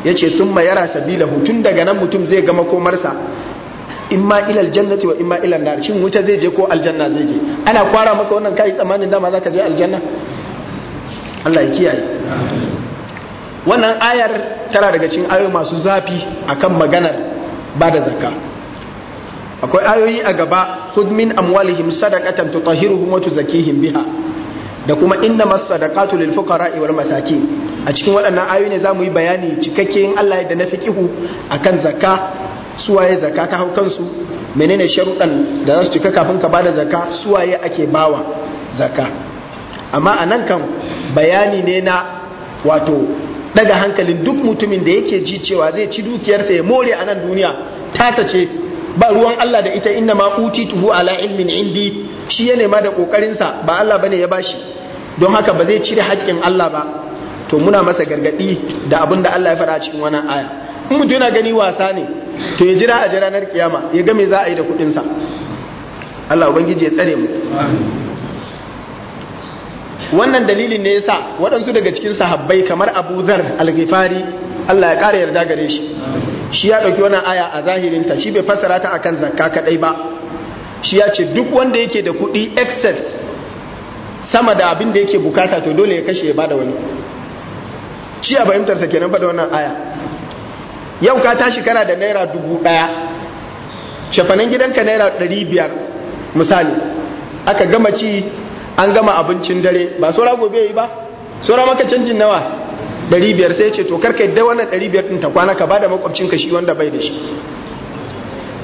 yace sun mayara sabila, hutun daga nan mutum zai ga makomarsa imma ila aljannati wa imma ila nar shin wuta zai je ko aljanna zai je ana kwara maka wannan kai tsammanin dama zaka je aljanna Allah ya kiyaye wannan ayar tana daga cikin ayoyi masu zafi akan maganar ba da zakka akwai ayoyi a gaba khudh min amwalihim sadaqatan tutahhiruhum wa tuzakkihim biha da kuma inna masadaqatu lil fuqara wal masakin a cikin waɗannan ayoyi ne za mu yi bayani cikakke Allah ya da na fiqihu akan zakka suwaye zaka ka hau kansu menene sharuɗan da za su cika kafin ka bada zaka suwaye ake bawa zaka? amma a nan kan bayani ne na wato daga hankalin duk mutumin da yake ji cewa zai ci dukiyarsa ya more a nan duniya tasa ce ba ruwan Allah da ita inna ma tuhu ala ilmin indi shi ya nema da kokarinsa ba Allah bane ya bashi don haka ba zai cire haƙƙin Allah ba to muna masa gargaɗi da abin da Allah ya faɗa cikin wannan aya in mutum yana gani wasa ne to ya jira a jiranar ranar kiyama ya ga me za a yi da kuɗinsa Allah ubangiji ya tsare mu wannan dalilin ne ya sa waɗansu daga cikin sahabbai kamar Abu Zar al Allah ya ƙara yarda gare shi shi ya ɗauki wannan aya a zahirinta shi bai fassara ta akan zakka kaɗai ba shi ya ce duk wanda yake da kuɗi excess sama da abin da yake bukata to dole ya kashe ya bada wani shi a fahimtarsa kenan fa da wannan aya yau ka tashi kana da naira dubu ɗaya shafanin gidanka naira ɗari biyar misali aka gama ci an gama abincin dare ba saura gobe yi ba saura maka canjin nawa ɗari biyar sai ce to karka yadda wannan ɗari biyar ɗin ta kwana ka da makwabcinka shi wanda bai da shi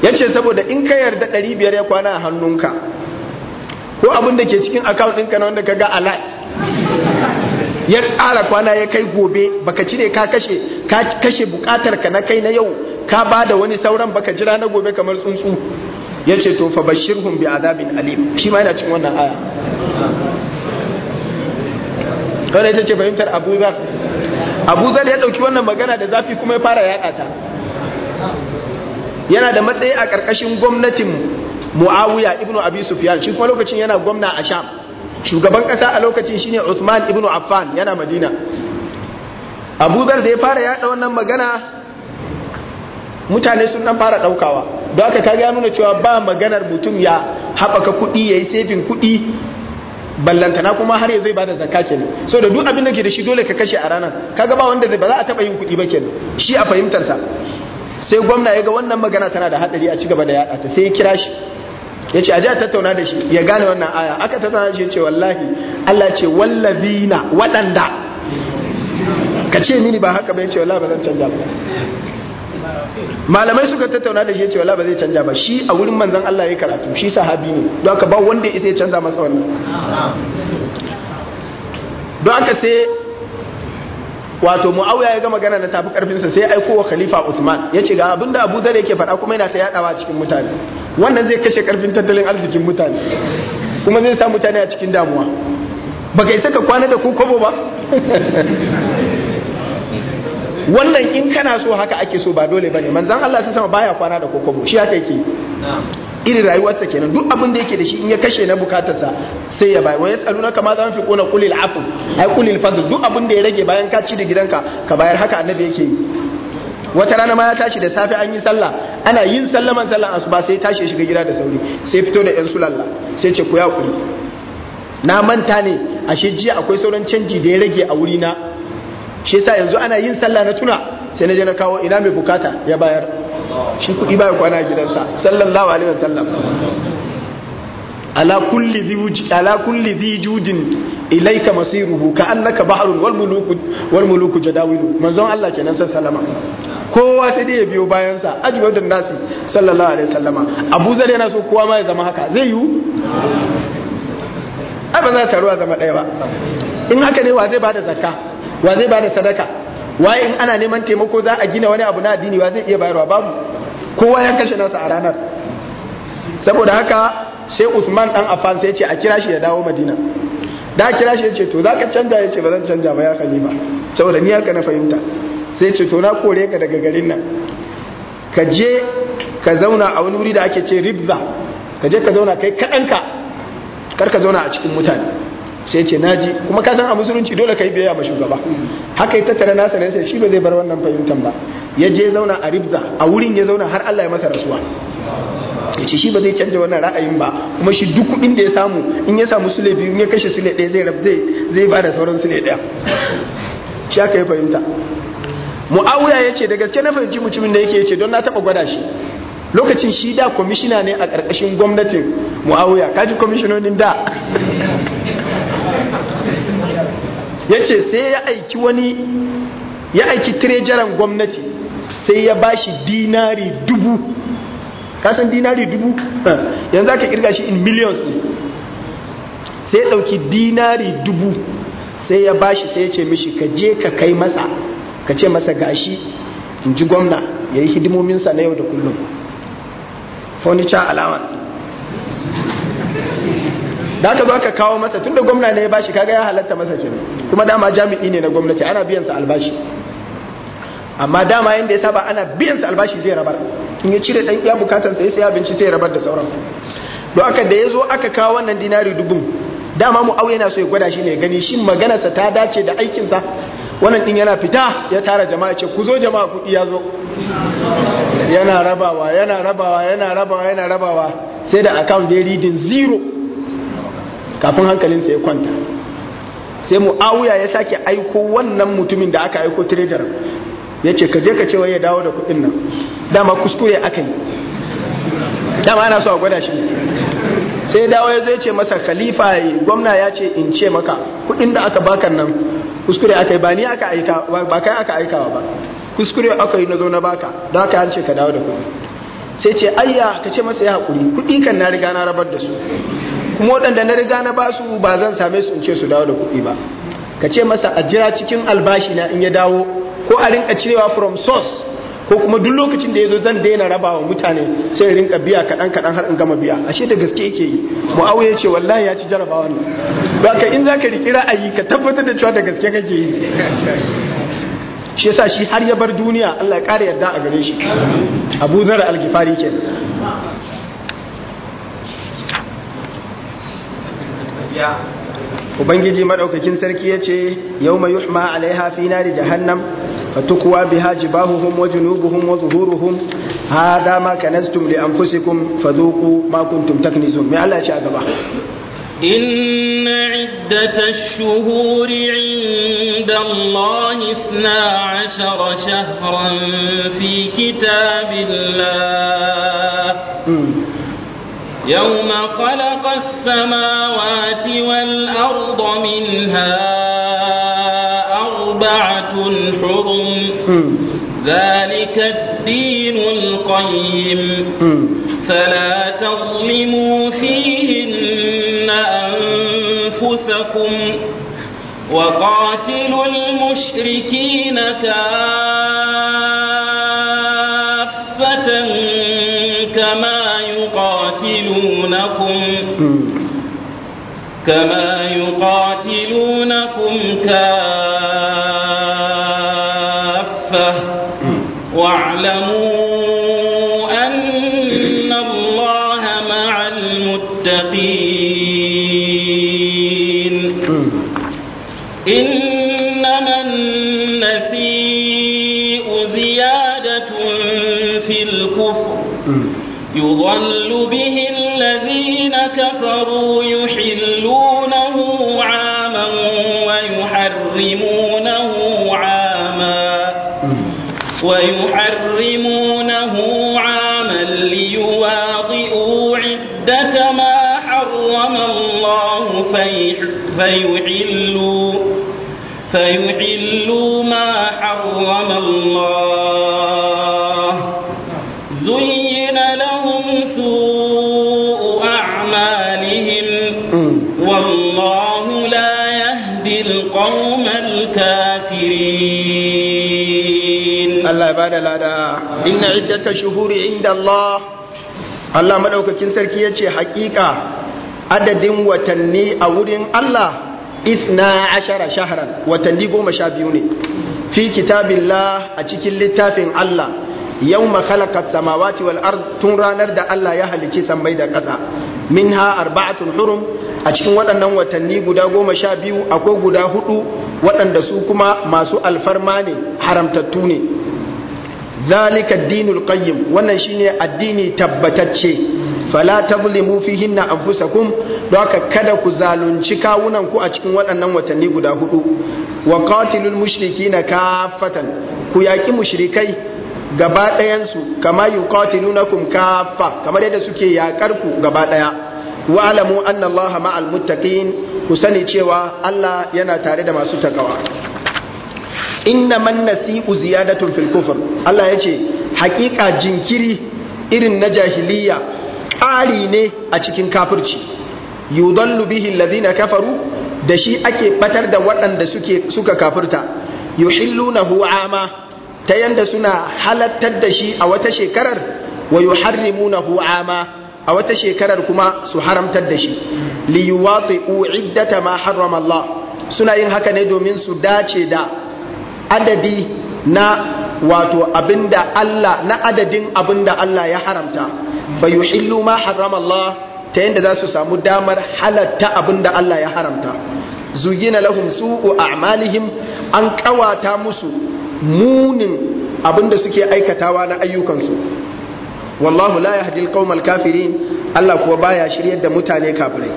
ya ce saboda in ka yarda ɗari biyar ya kwana a hannunka ko abin da ke cikin akawun ɗinka na wanda ka ga alat ya ƙara kwana ya kai gobe baka cire ka kashe ka kashe bukatar ka na kai na yau ka ba da wani sauran baka jira na gobe kamar tsuntsu ya ce to fa bashirhum bi azabin alim shi ma yana cikin wannan aya kada ita ce fahimtar Abu Zar Abu Zar ya dauki wannan magana da zafi kuma ya fara yaƙa ta yana da matsayi a ƙarƙashin gwamnatin Muawiya ibn Abi Sufyan shi kuma lokacin yana gwamna a Sham shugaban kasa a lokacin shi ne Usman ibn Affan yana Madina abubuwar da ya fara yada wannan magana mutane sun dan fara daukawa don haka kaga ya nuna cewa ba maganar mutum ya haɓaka kuɗi ya yi saifin kuɗi ballantana kuma har ya zai ba da zaka kenan so da duk abin da ke da shi dole ka kashe a ranar kaga ba wanda zai ba za a taɓa yin kuɗi ba kenan shi a fahimtarsa. sai gwamna ya ga wannan magana tana da haɗari a cigaba da yaɗata ta sai ya kira shi ya ce a jiya tattauna da shi ya gane wannan aya aka tattauna da shi ce wallahi Allah ce wallazina waɗanda ka ce mini ba haka ba ya ce wallahi ba zan canja ba malamai suka tattauna da shi ya ce wallahi ba zai canja ba shi a wurin manzan Allah ya karatu shi sahabi ne don aka ba wanda ya sai canza masa wannan don haka sai wato mu'awiya ya ga magana na tafi karfinsa sai aiko wa khalifa Usman. ya ce ga abinda Abu Dhar yake faɗa kuma yana ta yadawa cikin mutane wannan zai kashe karfin tattalin arzikin mutane kuma zai sa mutane a cikin damuwa baka isa ka kwana da ku kobo ba wannan in kana so haka ake so ba dole bane manzon Allah sun sama baya kwana da kokobo shi haka yake irin rayuwarsa kenan duk abin da yake da shi in ya kashe na bukatarsa sai ya bayar wa yasaluna kama zan fi kona kulil afu ai kulil fadl duk abin da ya rage bayan ka ci da gidanka ka bayar haka annabi yake yi wata rana ma ya tashi da safe an yi sallah ana yin sallaman sallan asuba sai tashi shiga gida da sauri sai fito da yan sulalla sai ce ku ya kuri na manta ne ashe jiya akwai sauran canji da ya rage a wuri na shi yasa yanzu ana yin sallah na tuna sai na je na kawo ina mai bukata ya bayar shi kuɗi baya kwana gidansa sallallahu alaihi wasallam ala kulli dhi ala kulli dhi judin ilayka masiruhu ka annaka bahrun wal muluku wal muluku jadawilu manzon Allah kenan sallallahu alaihi wasallam kowa sai dai ya biyo bayansa sa da nasi sallallahu alaihi sallama abu zai yana so kowa ma ya zama haka zai yiwu ai ba za ta ruwa zama ɗaya ba in haka ne wa zai bada zakka wa zai bada sadaka waye in ana neman taimako za a gina wani abu na addini wa zai iya bayarwa babu kowa ya kashe nasa a ranar saboda haka sai usman dan afan sai ce a kira shi ya dawo madina da kira shi ya ce to za ka canja ya ce ba zan canja ba ya khalifa saboda ni haka na fahimta sai ce to na kore ka daga garin nan ka je ka zauna a wani wuri da ake ce ribza ka je ka zauna kai kaɗanka kar ka zauna a cikin mutane sai ce naji kuma ka san a musulunci dole ka yi biyayya ma shugaba haka yi tattara nasa ne sai shi ba zai bar wannan fahimtar ba ya je zauna a ribza a wurin ya zauna har Allah ya masa rasuwa ya ce shi ba zai canja wannan ra'ayin ba kuma shi duk kuɗin da ya samu in ya samu sule biyu in ya kashe sule ɗaya zai zai ba da sauran sule ɗaya shi aka yi fahimta mu'awiya ya ce da gaske na fahimci mutumin da yake ya ce don na taɓa gwada shi lokacin shi da kwamishina ne a ƙarƙashin gwamnatin mu'awiya kaji kwamishinonin da ya ce sai ya aiki wani ya aiki tirejaran gwamnati sai ya bashi dinari dubu kasan dinari dubu yanzu aka kirga shi in millions ne sai ya ɗauki dinari dubu sai ya bashi sai ya ce mishi ka je ka kai masa ka ce masa gashi in ji gwamna ya yi hidimominsa na yau da kullum furniture allowance da aka zo aka kawo masa tun da gwamna ne ya bashi kaga ya halatta masa ce kuma dama jami'i ne na gwamnati ana biyan sa albashi amma dama yanda ya saba ana biyan sa albashi zai rabar in ya cire ɗan iya bukatan sai ya sai abinci sai rabar da sauran don aka da ya zo aka kawo wannan dinari dubun dama mu auye na so ya gwada shi ne gani shin maganarsa ta dace da aikinsa wannan din yana fita ya tara jama'a ce ku zo jama'a kuɗi ya zo yana rabawa yana rabawa yana rabawa yana rabawa sai da account dai reading zero kafin hankalin sa ya kwanta sai mu'awiya ya sake aiko wannan mutumin da aka aiko trader ya ce kaje ka ce wai ya dawo da kuɗin nan dama kuskure aka yi dama ana so a gwada shi sai dawo ya zai ce masa khalifa gwamna ya ce in ce maka kuɗin da aka baka nan kuskure aka yi ba ni aka aika ba kai aka aikawa ba kuskure aka yi na zo na baka da aka yance ka dawo da kuɗi sai ce ayya ka ce masa ya hakuri kuɗi kan na riga na rabar da su kuma waɗanda na riga na basu ba zan same su in ce su dawo da kuɗi ba ka ce masa a jira cikin albashi na in ya dawo ko a rinka cirewa from source ko kuma duk lokacin da ya zo zan daina raba wa mutane sai ya rinka biya kaɗan kaɗan har in gama biya ashe da gaske yake yi mu'awiya ce wallahi ya ci jarabawa ne ba in zaka ka ra'ayi ka tabbatar da cewa da gaske kake yi shi yasa shi har ya bar duniya Allah ya ƙara yarda a gare shi Abu Zar al-Ghifari ke Ubangiji madaukakin sarki ya ce yau mai yuhma alaiha fi nari jahannam فتكوى بها جباههم وجنوبهم وظهورهم هذا ما كنزتم لأنفسكم فذوقوا ما كنتم تكنزون من الله شاء إن عدة الشهور عند الله اثنا عشر شهرا في كتاب الله يوم خلق السماوات والأرض منها أربعة حرم ذلك الدين القيم فلا تظلموا فيهن أنفسكم وقاتلوا المشركين كافة كما يقاتلونكم كما يقاتلونكم كافة واعلموا أن الله مع المتقين إنما النسيء زيادة في الكفر يضل به الذين كفروا يحلونه عاما ويحرمونه عاما ويحرمونه عاما ليواطئوا عدة ما حرم الله فيحلوا فيحلوا ما حرم الله ibada lada inna iddata shuhuri inda Allah Allah madaukakin sarki ce hakika adadin watanni a wurin Allah isna ashara shahran watanni goma sha biyu ne fi kitabillah a cikin littafin Allah yawma khalaqa samawati wal ard tun ranar da Allah ya halicci sammai da ƙasa minha arba'atul hurum a cikin waɗannan watanni guda goma sha biyu akwai guda hudu waɗanda su kuma masu alfarma ne haramtattu ne zalika الدين القيم wannan shine addini tabbatacce fala tazlimu fihinna anfusakum doka kada ku zalunci kawunan ku a cikin waɗannan watanni guda hudu wa qatilul mushrikin kaffatan ku yaki mushrikai gaba su kama yuqatilunakum kaffa kamar yadda suke yakar ku gaba ɗaya wa alamu anna allaha ma'al muttaqin ku sani cewa Allah yana tare da masu takawa inna man nasi'u ziyadatun fil kufr Allah ya ce hakika jinkiri irin na jahiliya ƙari ne a cikin kafirci yudallu bihi alladhina kafaru da shi ake batar da waɗanda suke suka kafirta yuhillunahu ama ta yanda suna halattar da shi a wata shekarar wa yuharrimunahu ama a wata shekarar kuma su haramtar da shi liyuwati'u iddata ma harrama Allah suna yin haka ne domin su dace da adadi na wato abinda Allah na adadin abinda Allah ya haramta fa yuhillu ma harrama ta yanda za su samu damar halatta abinda Allah ya haramta zuyina lahum su'u a'malihim an kawata musu munin abinda suke aikatawa na ayyukansu wallahu la hadil al kafirin Allah kuwa baya shiryar da mutane kafirai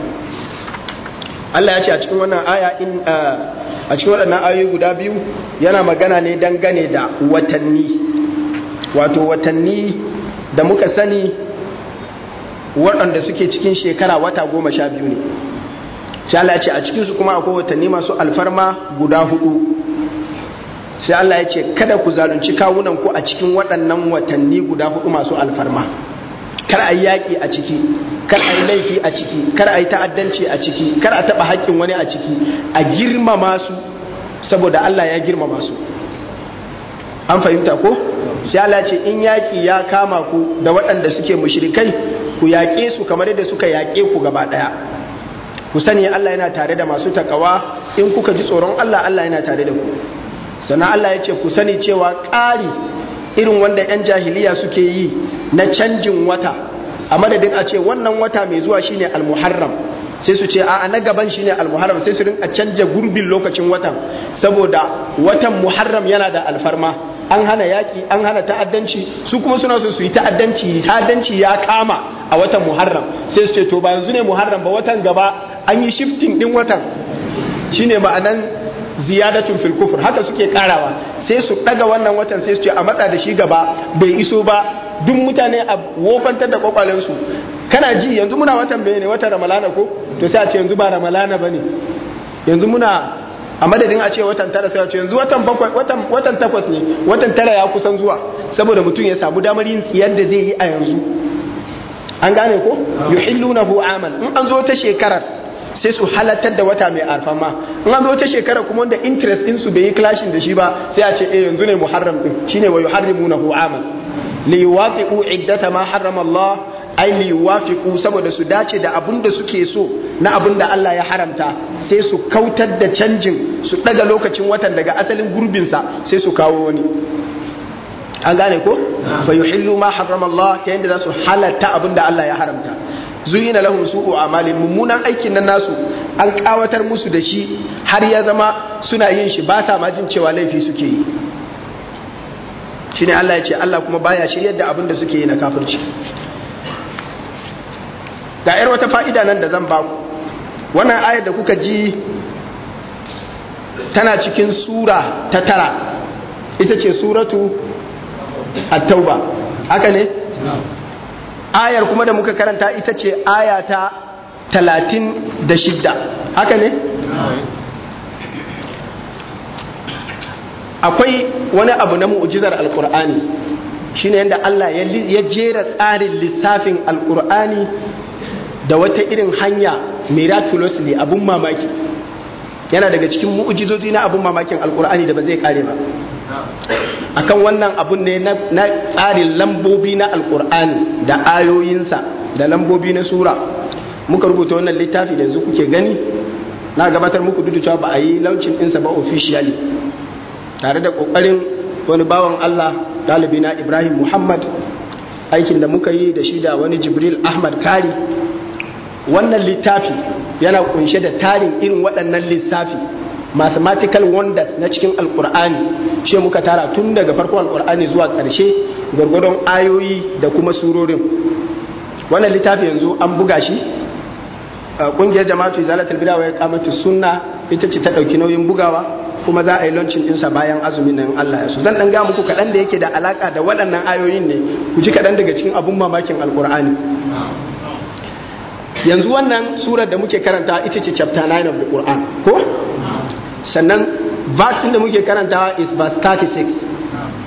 Allah ya ce a cikin wannan aya in uh, a cikin waɗannan ayoyi guda biyu yana magana ne dangane da watanni wato watanni da muka sani waɗanda suke cikin shekara wata goma sha biyu ne sai Allah ya ce a cikinsu kuma akwai watanni masu alfarma guda hudu sai Allah ya ce kada ku zalunci kawunanku a cikin waɗannan watanni guda hudu masu alfarma kar a yi yaƙi a ciki kar a yi laifi a ciki kar a yi ta'addanci a ciki kar a taɓa haƙƙin wani a ciki a girmama su saboda Allah ya girmama su an fahimta ko sai Allah ce in yaƙi ya kama ku da waɗanda suke mushrikai ku yaƙe su kamar yadda suka yaƙe ku gaba ɗaya ku sani Allah yana tare da masu takawa in kuka ji tsoron Allah Allah yana tare da ku sannan Allah ya ce ku sani cewa ƙari irin wanda 'yan jahiliya suke yi na canjin wata a madadin a ce wannan wata mai zuwa shine almuharram sai su ce a na gaban shine almuharram sai su rinka canja gurbin lokacin watan saboda watan muharram yana da alfarma an hana yaki an hana ta'addanci su kuma suna so su yi ta'addanci ta'addanci ya kama a watan muharram sai su ce to ba yanzu ne muharram ba watan gaba an yi shifting din watan shine ma'anan ziyadatun fil kufur haka suke karawa sai su daga wannan watan sai su ce a matsa da shi gaba bai iso ba duk mutane a wofantar da kokwalen su kana ji yanzu muna watan bai ne watan ramalana ko to sai a ce yanzu ba ramalana bane yanzu muna a madadin a ce watan tara sai a ce yanzu watan bakwai watan watan takwas ne watan tara ya kusan zuwa saboda mutum ya samu damar yin tsiyar da zai yi a yanzu an gane ko yuhillunahu amal in an zo ta shekarar sai su halattar da wata mai alfama in an zo ta shekara kuma wanda interest din su bai yi clashin da shi ba sai a ce eh yanzu ne muharram din shine wa yuharrimunahu aman li yuwafiqu iddata ma harrama Allah ai li yuwafiqu saboda su dace da abun da suke so na abun da Allah ya haramta sai su kautar da canjin su daga lokacin watan daga asalin gurbin sa sai su kawo wani an gane ko fa yuhillu ma harrama Allah ta yanda za su halatta abun da Allah ya haramta zuyina lahum su'u amalin mummunan aikin nan nasu an kawatar musu da shi har ya zama suna yin shi ba sa ma jin cewa laifi suke yi shine Allah ya ce Allah kuma baya shiryar da abin da suke yi na kafirci ga yar wata fa'ida nan da zan baku wannan ayar da kuka ji tana cikin sura ta tara ita ce suratu at-tauba haka ne ayar kuma da muka karanta ita ce aya ta talatin da shidda haka ne? akwai wani abu na mu'ujizar alkur'ani ne yadda Allah ya jera tsarin lissafin alkur'ani da wata irin hanya ne abun mamaki yana daga cikin mu'ujizozi na abun mamakin alkur'ani da ba zai kare ba akan wannan abun ne na tsarin lambobi na alkur'ani da ayoyinsa da lambobi na sura muka rubuta wannan littafi da yanzu kuke gani na gabatar muku duk cewa ba a yi launcin ɗinsa ba officially tare da ƙoƙarin wani bawan Allah ɗalibi na Ibrahim Muhammad aikin da muka yi da shi da wani Jibril Ahmad Kari wannan littafi yana kunshe da tarin irin waɗannan lissafi mathematical wonders na cikin alkur'ani shi muka tara tun daga farkon alkur'ani zuwa ƙarshe gwargwadon ayoyi da kuma surorin wannan littafi yanzu an buga shi ƙungiyar jama'atu izalatul bid'a wa iqamati sunna ita ce ta ɗauki nauyin bugawa kuma za a yi launching ɗinsa bayan azumin nan Allah ya so zan ɗan ga muku kaɗan da yake da alaka da waɗannan ayoyin ne ku ji kaɗan daga cikin abun mamakin alkur'ani yanzu wannan surar da muke karanta ita ce chapter 9 of the Quran ko sannan verse da muke karantawa is verse 36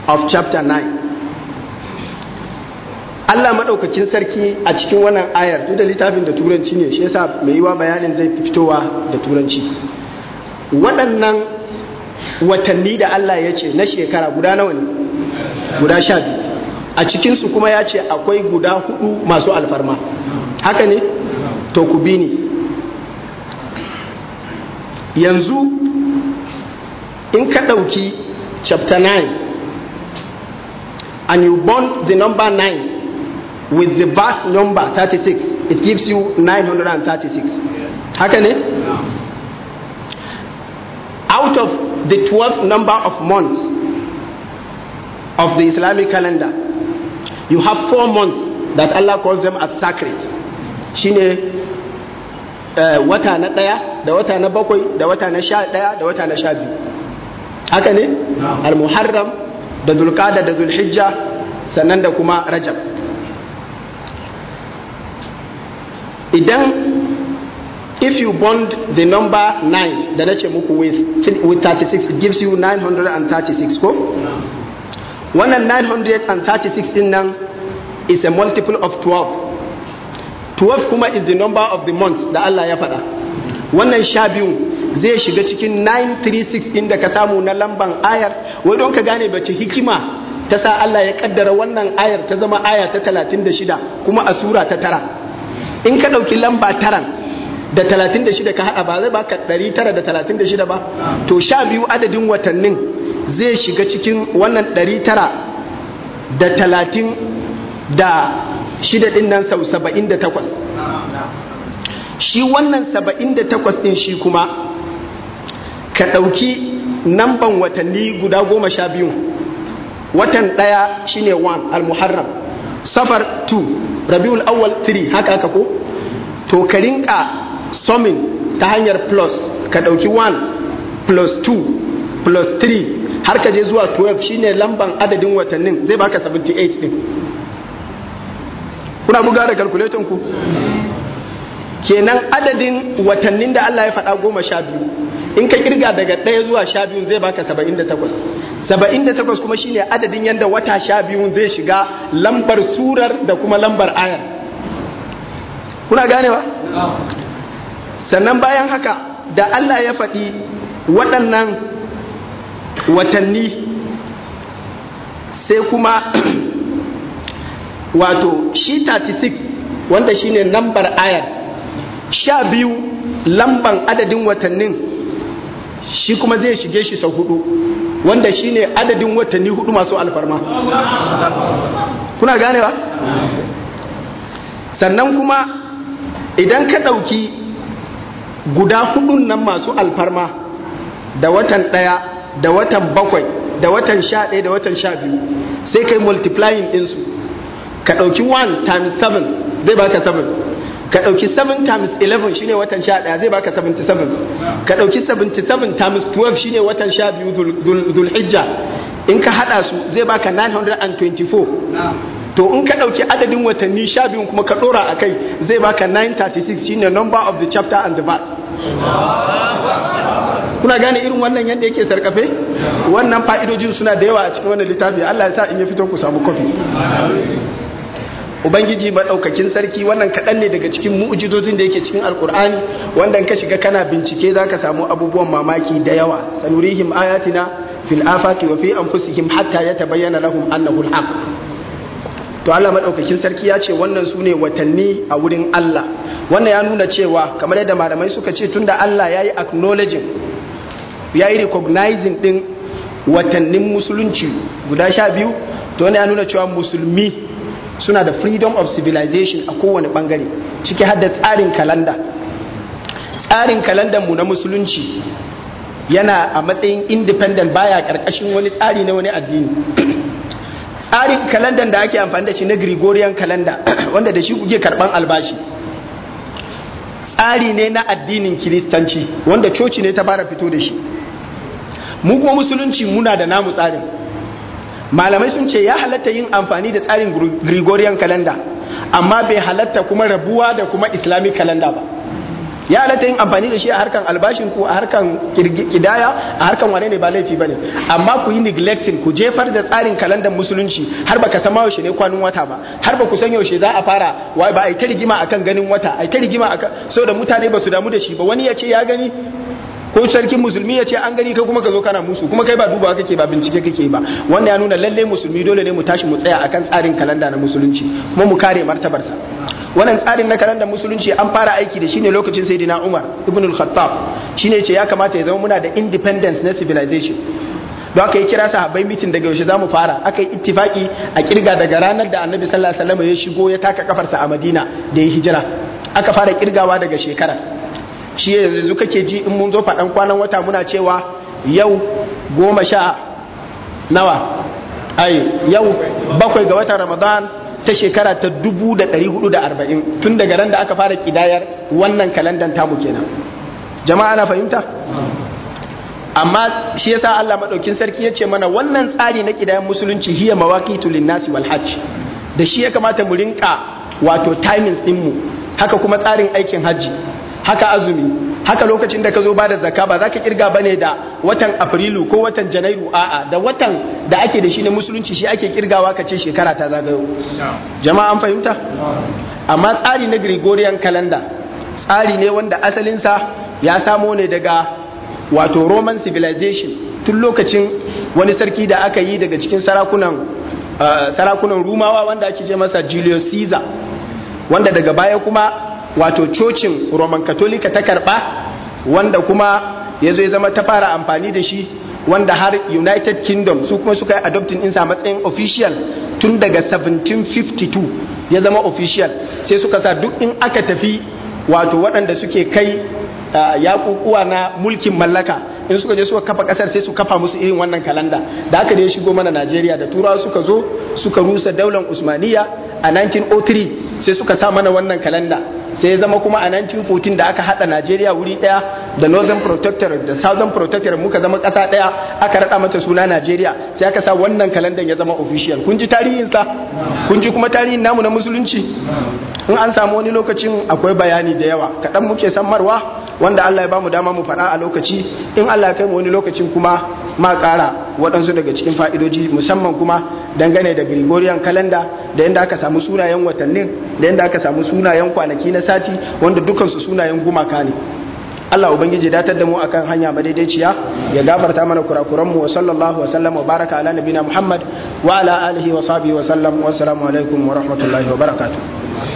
of chapter 9 Allah maɗaukakin sarki a cikin wannan ayar duk da littafin da turanci ne shi yasa mai yiwa bayanin zai fitowa da turanci waɗannan watanni da Allah ya ce na shekara guda nawa ne guda sha biyu a cikinsu kuma ya ce akwai guda hudu masu alfarma haka ne to ku bi ni yanzu in ka ɗauki chapter 9 and you bond the number 9 with the vast number 36 it gives you 936 haka ne? out of the 12th number of months of the islamic calendar you have four months that allah calls them as sacred shine eh, wata na ɗaya da wata na bakwai da wata na sha ɗaya da wata na sha biyu haka ne al-muharram da zulqada da zulhijja sannan da kuma rajab idan if you bond the number 9 da na ce muku with 36 it gives you 936 ko wannan 936 din nan is a multiple of 12 12 kuma is the number of the months da Allah ya faɗa wannan sha biyu zai shiga cikin 936 inda ka samu na lamban ayar wai don ka gane bace hikima ta sa Allah ya kaddara wannan ayar ta zama aya ta 36 kuma a sura ta tara in ka ɗauki lamba taran da 36 ka haɗa ba zai baka 936 ba to sha biyu adadin watannin zai shiga cikin wannan 936 da talatin da shida ɗin nan sau saba'in da takwas shi wannan saba'in da takwas ɗin shi kuma ka ɗauki namban watanni guda goma sha biyu watan ɗaya shine 1 al-muharram safar 2 rabiul awwal 3 haka aka ko to ka rinka summing ta hanyar plus ka ɗauki 1 plus 2 plus 3 har ka je zuwa 12 shine lamban adadin watannin zai baka 78 ɗin kuna buga da calculator ku kenan adadin watannin da Allah ya faɗa goma sha biyu in ka kirga daga ɗaya zuwa sha biyun zai baka saba'in da takwas saba'in da takwas kuma shine adadin yadda wata sha biyun zai shiga lambar surar da kuma lambar ayar kuna ganewa sannan bayan haka da Allah ya faɗi waɗannan watanni sai kuma wato shi 36 wanda shine lambar ayar sha biyu lamban adadin watannin shi kuma zai shige shi sau hudu wanda shi ne adadin watanni hudu masu alfarma kuna gane ba? sannan kuma idan ka ɗauki guda hudun nan masu alfarma da watan ɗaya da watan bakwai da watan sha ɗaya da watan sha biyu sai kai multiplying ɗinsu ka ɗauki 1 times 7 zai baka 7 ka ɗauki 7 times 11 shine watan 11 zai baka 77 ka ɗauki 77 times 12 shine watan 12 dhul-hijja in ka hada su zai baka 924 to in ka ɗauki adadin watanni 12 kuma ka ɗora a kai zai baka 936 shine number of the chapter and the verse kuna gane irin wannan yadda yake sarkafe wannan fa'idojin suna da yawa a cikin wannan littafi Allah ya sa in ya fito ku samu kofi ubangiji maɗaukakin sarki wannan kaɗan ne daga cikin mu'jizozin da yake cikin alkur'ani wanda ka shiga kana bincike za ka samu abubuwan mamaki da yawa sanurihim ayatina fil afaki wa fi anfusihim hatta tabayyana lahum annahu alhaq to Allah madaukakin sarki ya ce wannan su ne watanni a wurin Allah wannan ya nuna cewa kamar yadda malamai suka ce tunda Allah yayi acknowledging yayi recognizing ɗin watannin musulunci guda sha biyu to wannan ya nuna cewa musulmi suna da freedom of civilization a kowane bangare ciki har da tsarin kalanda tsarin kalandar mu na musulunci yana a matsayin independent baya karkashin wani tsari na wani addini tsarin kalandan da ake amfani da shi na gregorian kalanda wanda da shi kuke karban albashi tsari ne na addinin kiristanci wanda coci ne ta fara fito da shi mu kuma musulunci muna da namu tsarin malamai sun ce ya halatta yin amfani da tsarin gregorian calendar amma bai halatta kuma rabuwa da kuma islamic calendar ba ya halatta yin amfani da shi a harkan albashin ku a harkan kidaya a harkan wane ne ba laifi ba ne amma ku yi neglecting ku jefar da tsarin kalandar musulunci har ba ka san yaushe ne kwanun wata ba har ba ku san yaushe za a fara wai ba a ta rigima akan ganin wata a ta rigima akan saboda mutane ba su damu da shi ba wani ya ce ya gani ko sarkin musulmi ya ce an gani kai kuma ka zo kana musu kuma kai ba dubawa kake ba bincike kake ba wannan ya nuna lalle musulmi dole ne mu tashi mu tsaya akan tsarin kalanda na musulunci kuma mu kare martabarsa wannan tsarin na kalandar musulunci an fara aiki da shine lokacin sayyidina Umar ibn al-Khattab shine ce ya kamata ya zama muna da independence na civilization don aka yi kira sahabbai mitin daga yaushe zamu fara aka yi ittifaki a kirga daga ranar da annabi sallallahu alaihi wasallam ya shigo ya taka kafarsa a madina da ya hijira aka fara kirgawa daga shekarar shi yanzu kake ji in mun zo faɗan kwanan wata muna cewa yau goma sha nawa ai yau bakwai ga watan ramadan ta shekara ta 1440 tun daga ran da aka fara kidayar wannan kalandan tamu kenan jama'a na fahimta amma shi yasa Allah madaukin sarki ya ce mana wannan tsari na ƙidayar musulunci hiya mawaƙi linnasi wal hajj da shi ya kamata mu rinka wato timings din mu haka kuma tsarin aikin hajji haka azumi haka lokacin da ka zo bada zakka ba za ka kirga bane da watan afrilu ko watan janairu a'a da watan da ake da shi na musulunci shi ake kirgawa ka ce shekara ta zagayo jama'a an fahimta amma tsari na gregorian calendar tsari ne wanda asalinsa ya samo ne daga wato roman civilization tun lokacin wani sarki da aka yi daga cikin sarakunan eh, sarakunan rumawa wanda ake ce masa julius caesar wanda daga baya kuma wato cocin roman katolika ta karba wanda kuma ya zo ya zama ta fara amfani da shi wanda har united kingdom su kuma suka yi adoptin insa matsayin official tun daga 1752 ya zama official sai suka sa duk in aka tafi wato waɗanda suke kai ah, yakukuwa na mulkin mallaka in suka je suka kafa kasar sai su kafa musu irin wannan kalanda da aka dai shigo mana Najeriya da turawa suka zo suka rusa daular Usmaniyya a 1903 sai suka sa mana wannan kalanda sai ya zama kuma a 1914 da aka hada Najeriya wuri daya da Northern Protectorate da Southern Protectorate muka zama kasa daya aka rada mata suna Najeriya sai aka sa wannan kalandan ya zama official kun ji tarihin sa kun ji kuma tarihin namu na musulunci in an samu wani lokacin akwai bayani da yawa kadan muke samarwa wanda Allah ya bamu dama mu faɗa a lokaci in Allah ya kai mu wani lokacin kuma ma ƙara waɗansu daga cikin fa'idoji musamman kuma dangane da Gregorian calendar da yadda aka samu sunayen watannin da yadda aka samu sunayen kwanaki na sati wanda dukansu sunayen gumaka ne Allah ubangiji datar da mu akan hanya madaidaiciya ya gafarta mana kurakuran mu wa sallallahu wa sallam wa baraka ala nabina Muhammad wa ala alihi wa sahbihi wa sallam wa assalamu alaikum wa rahmatullahi wa barakatuh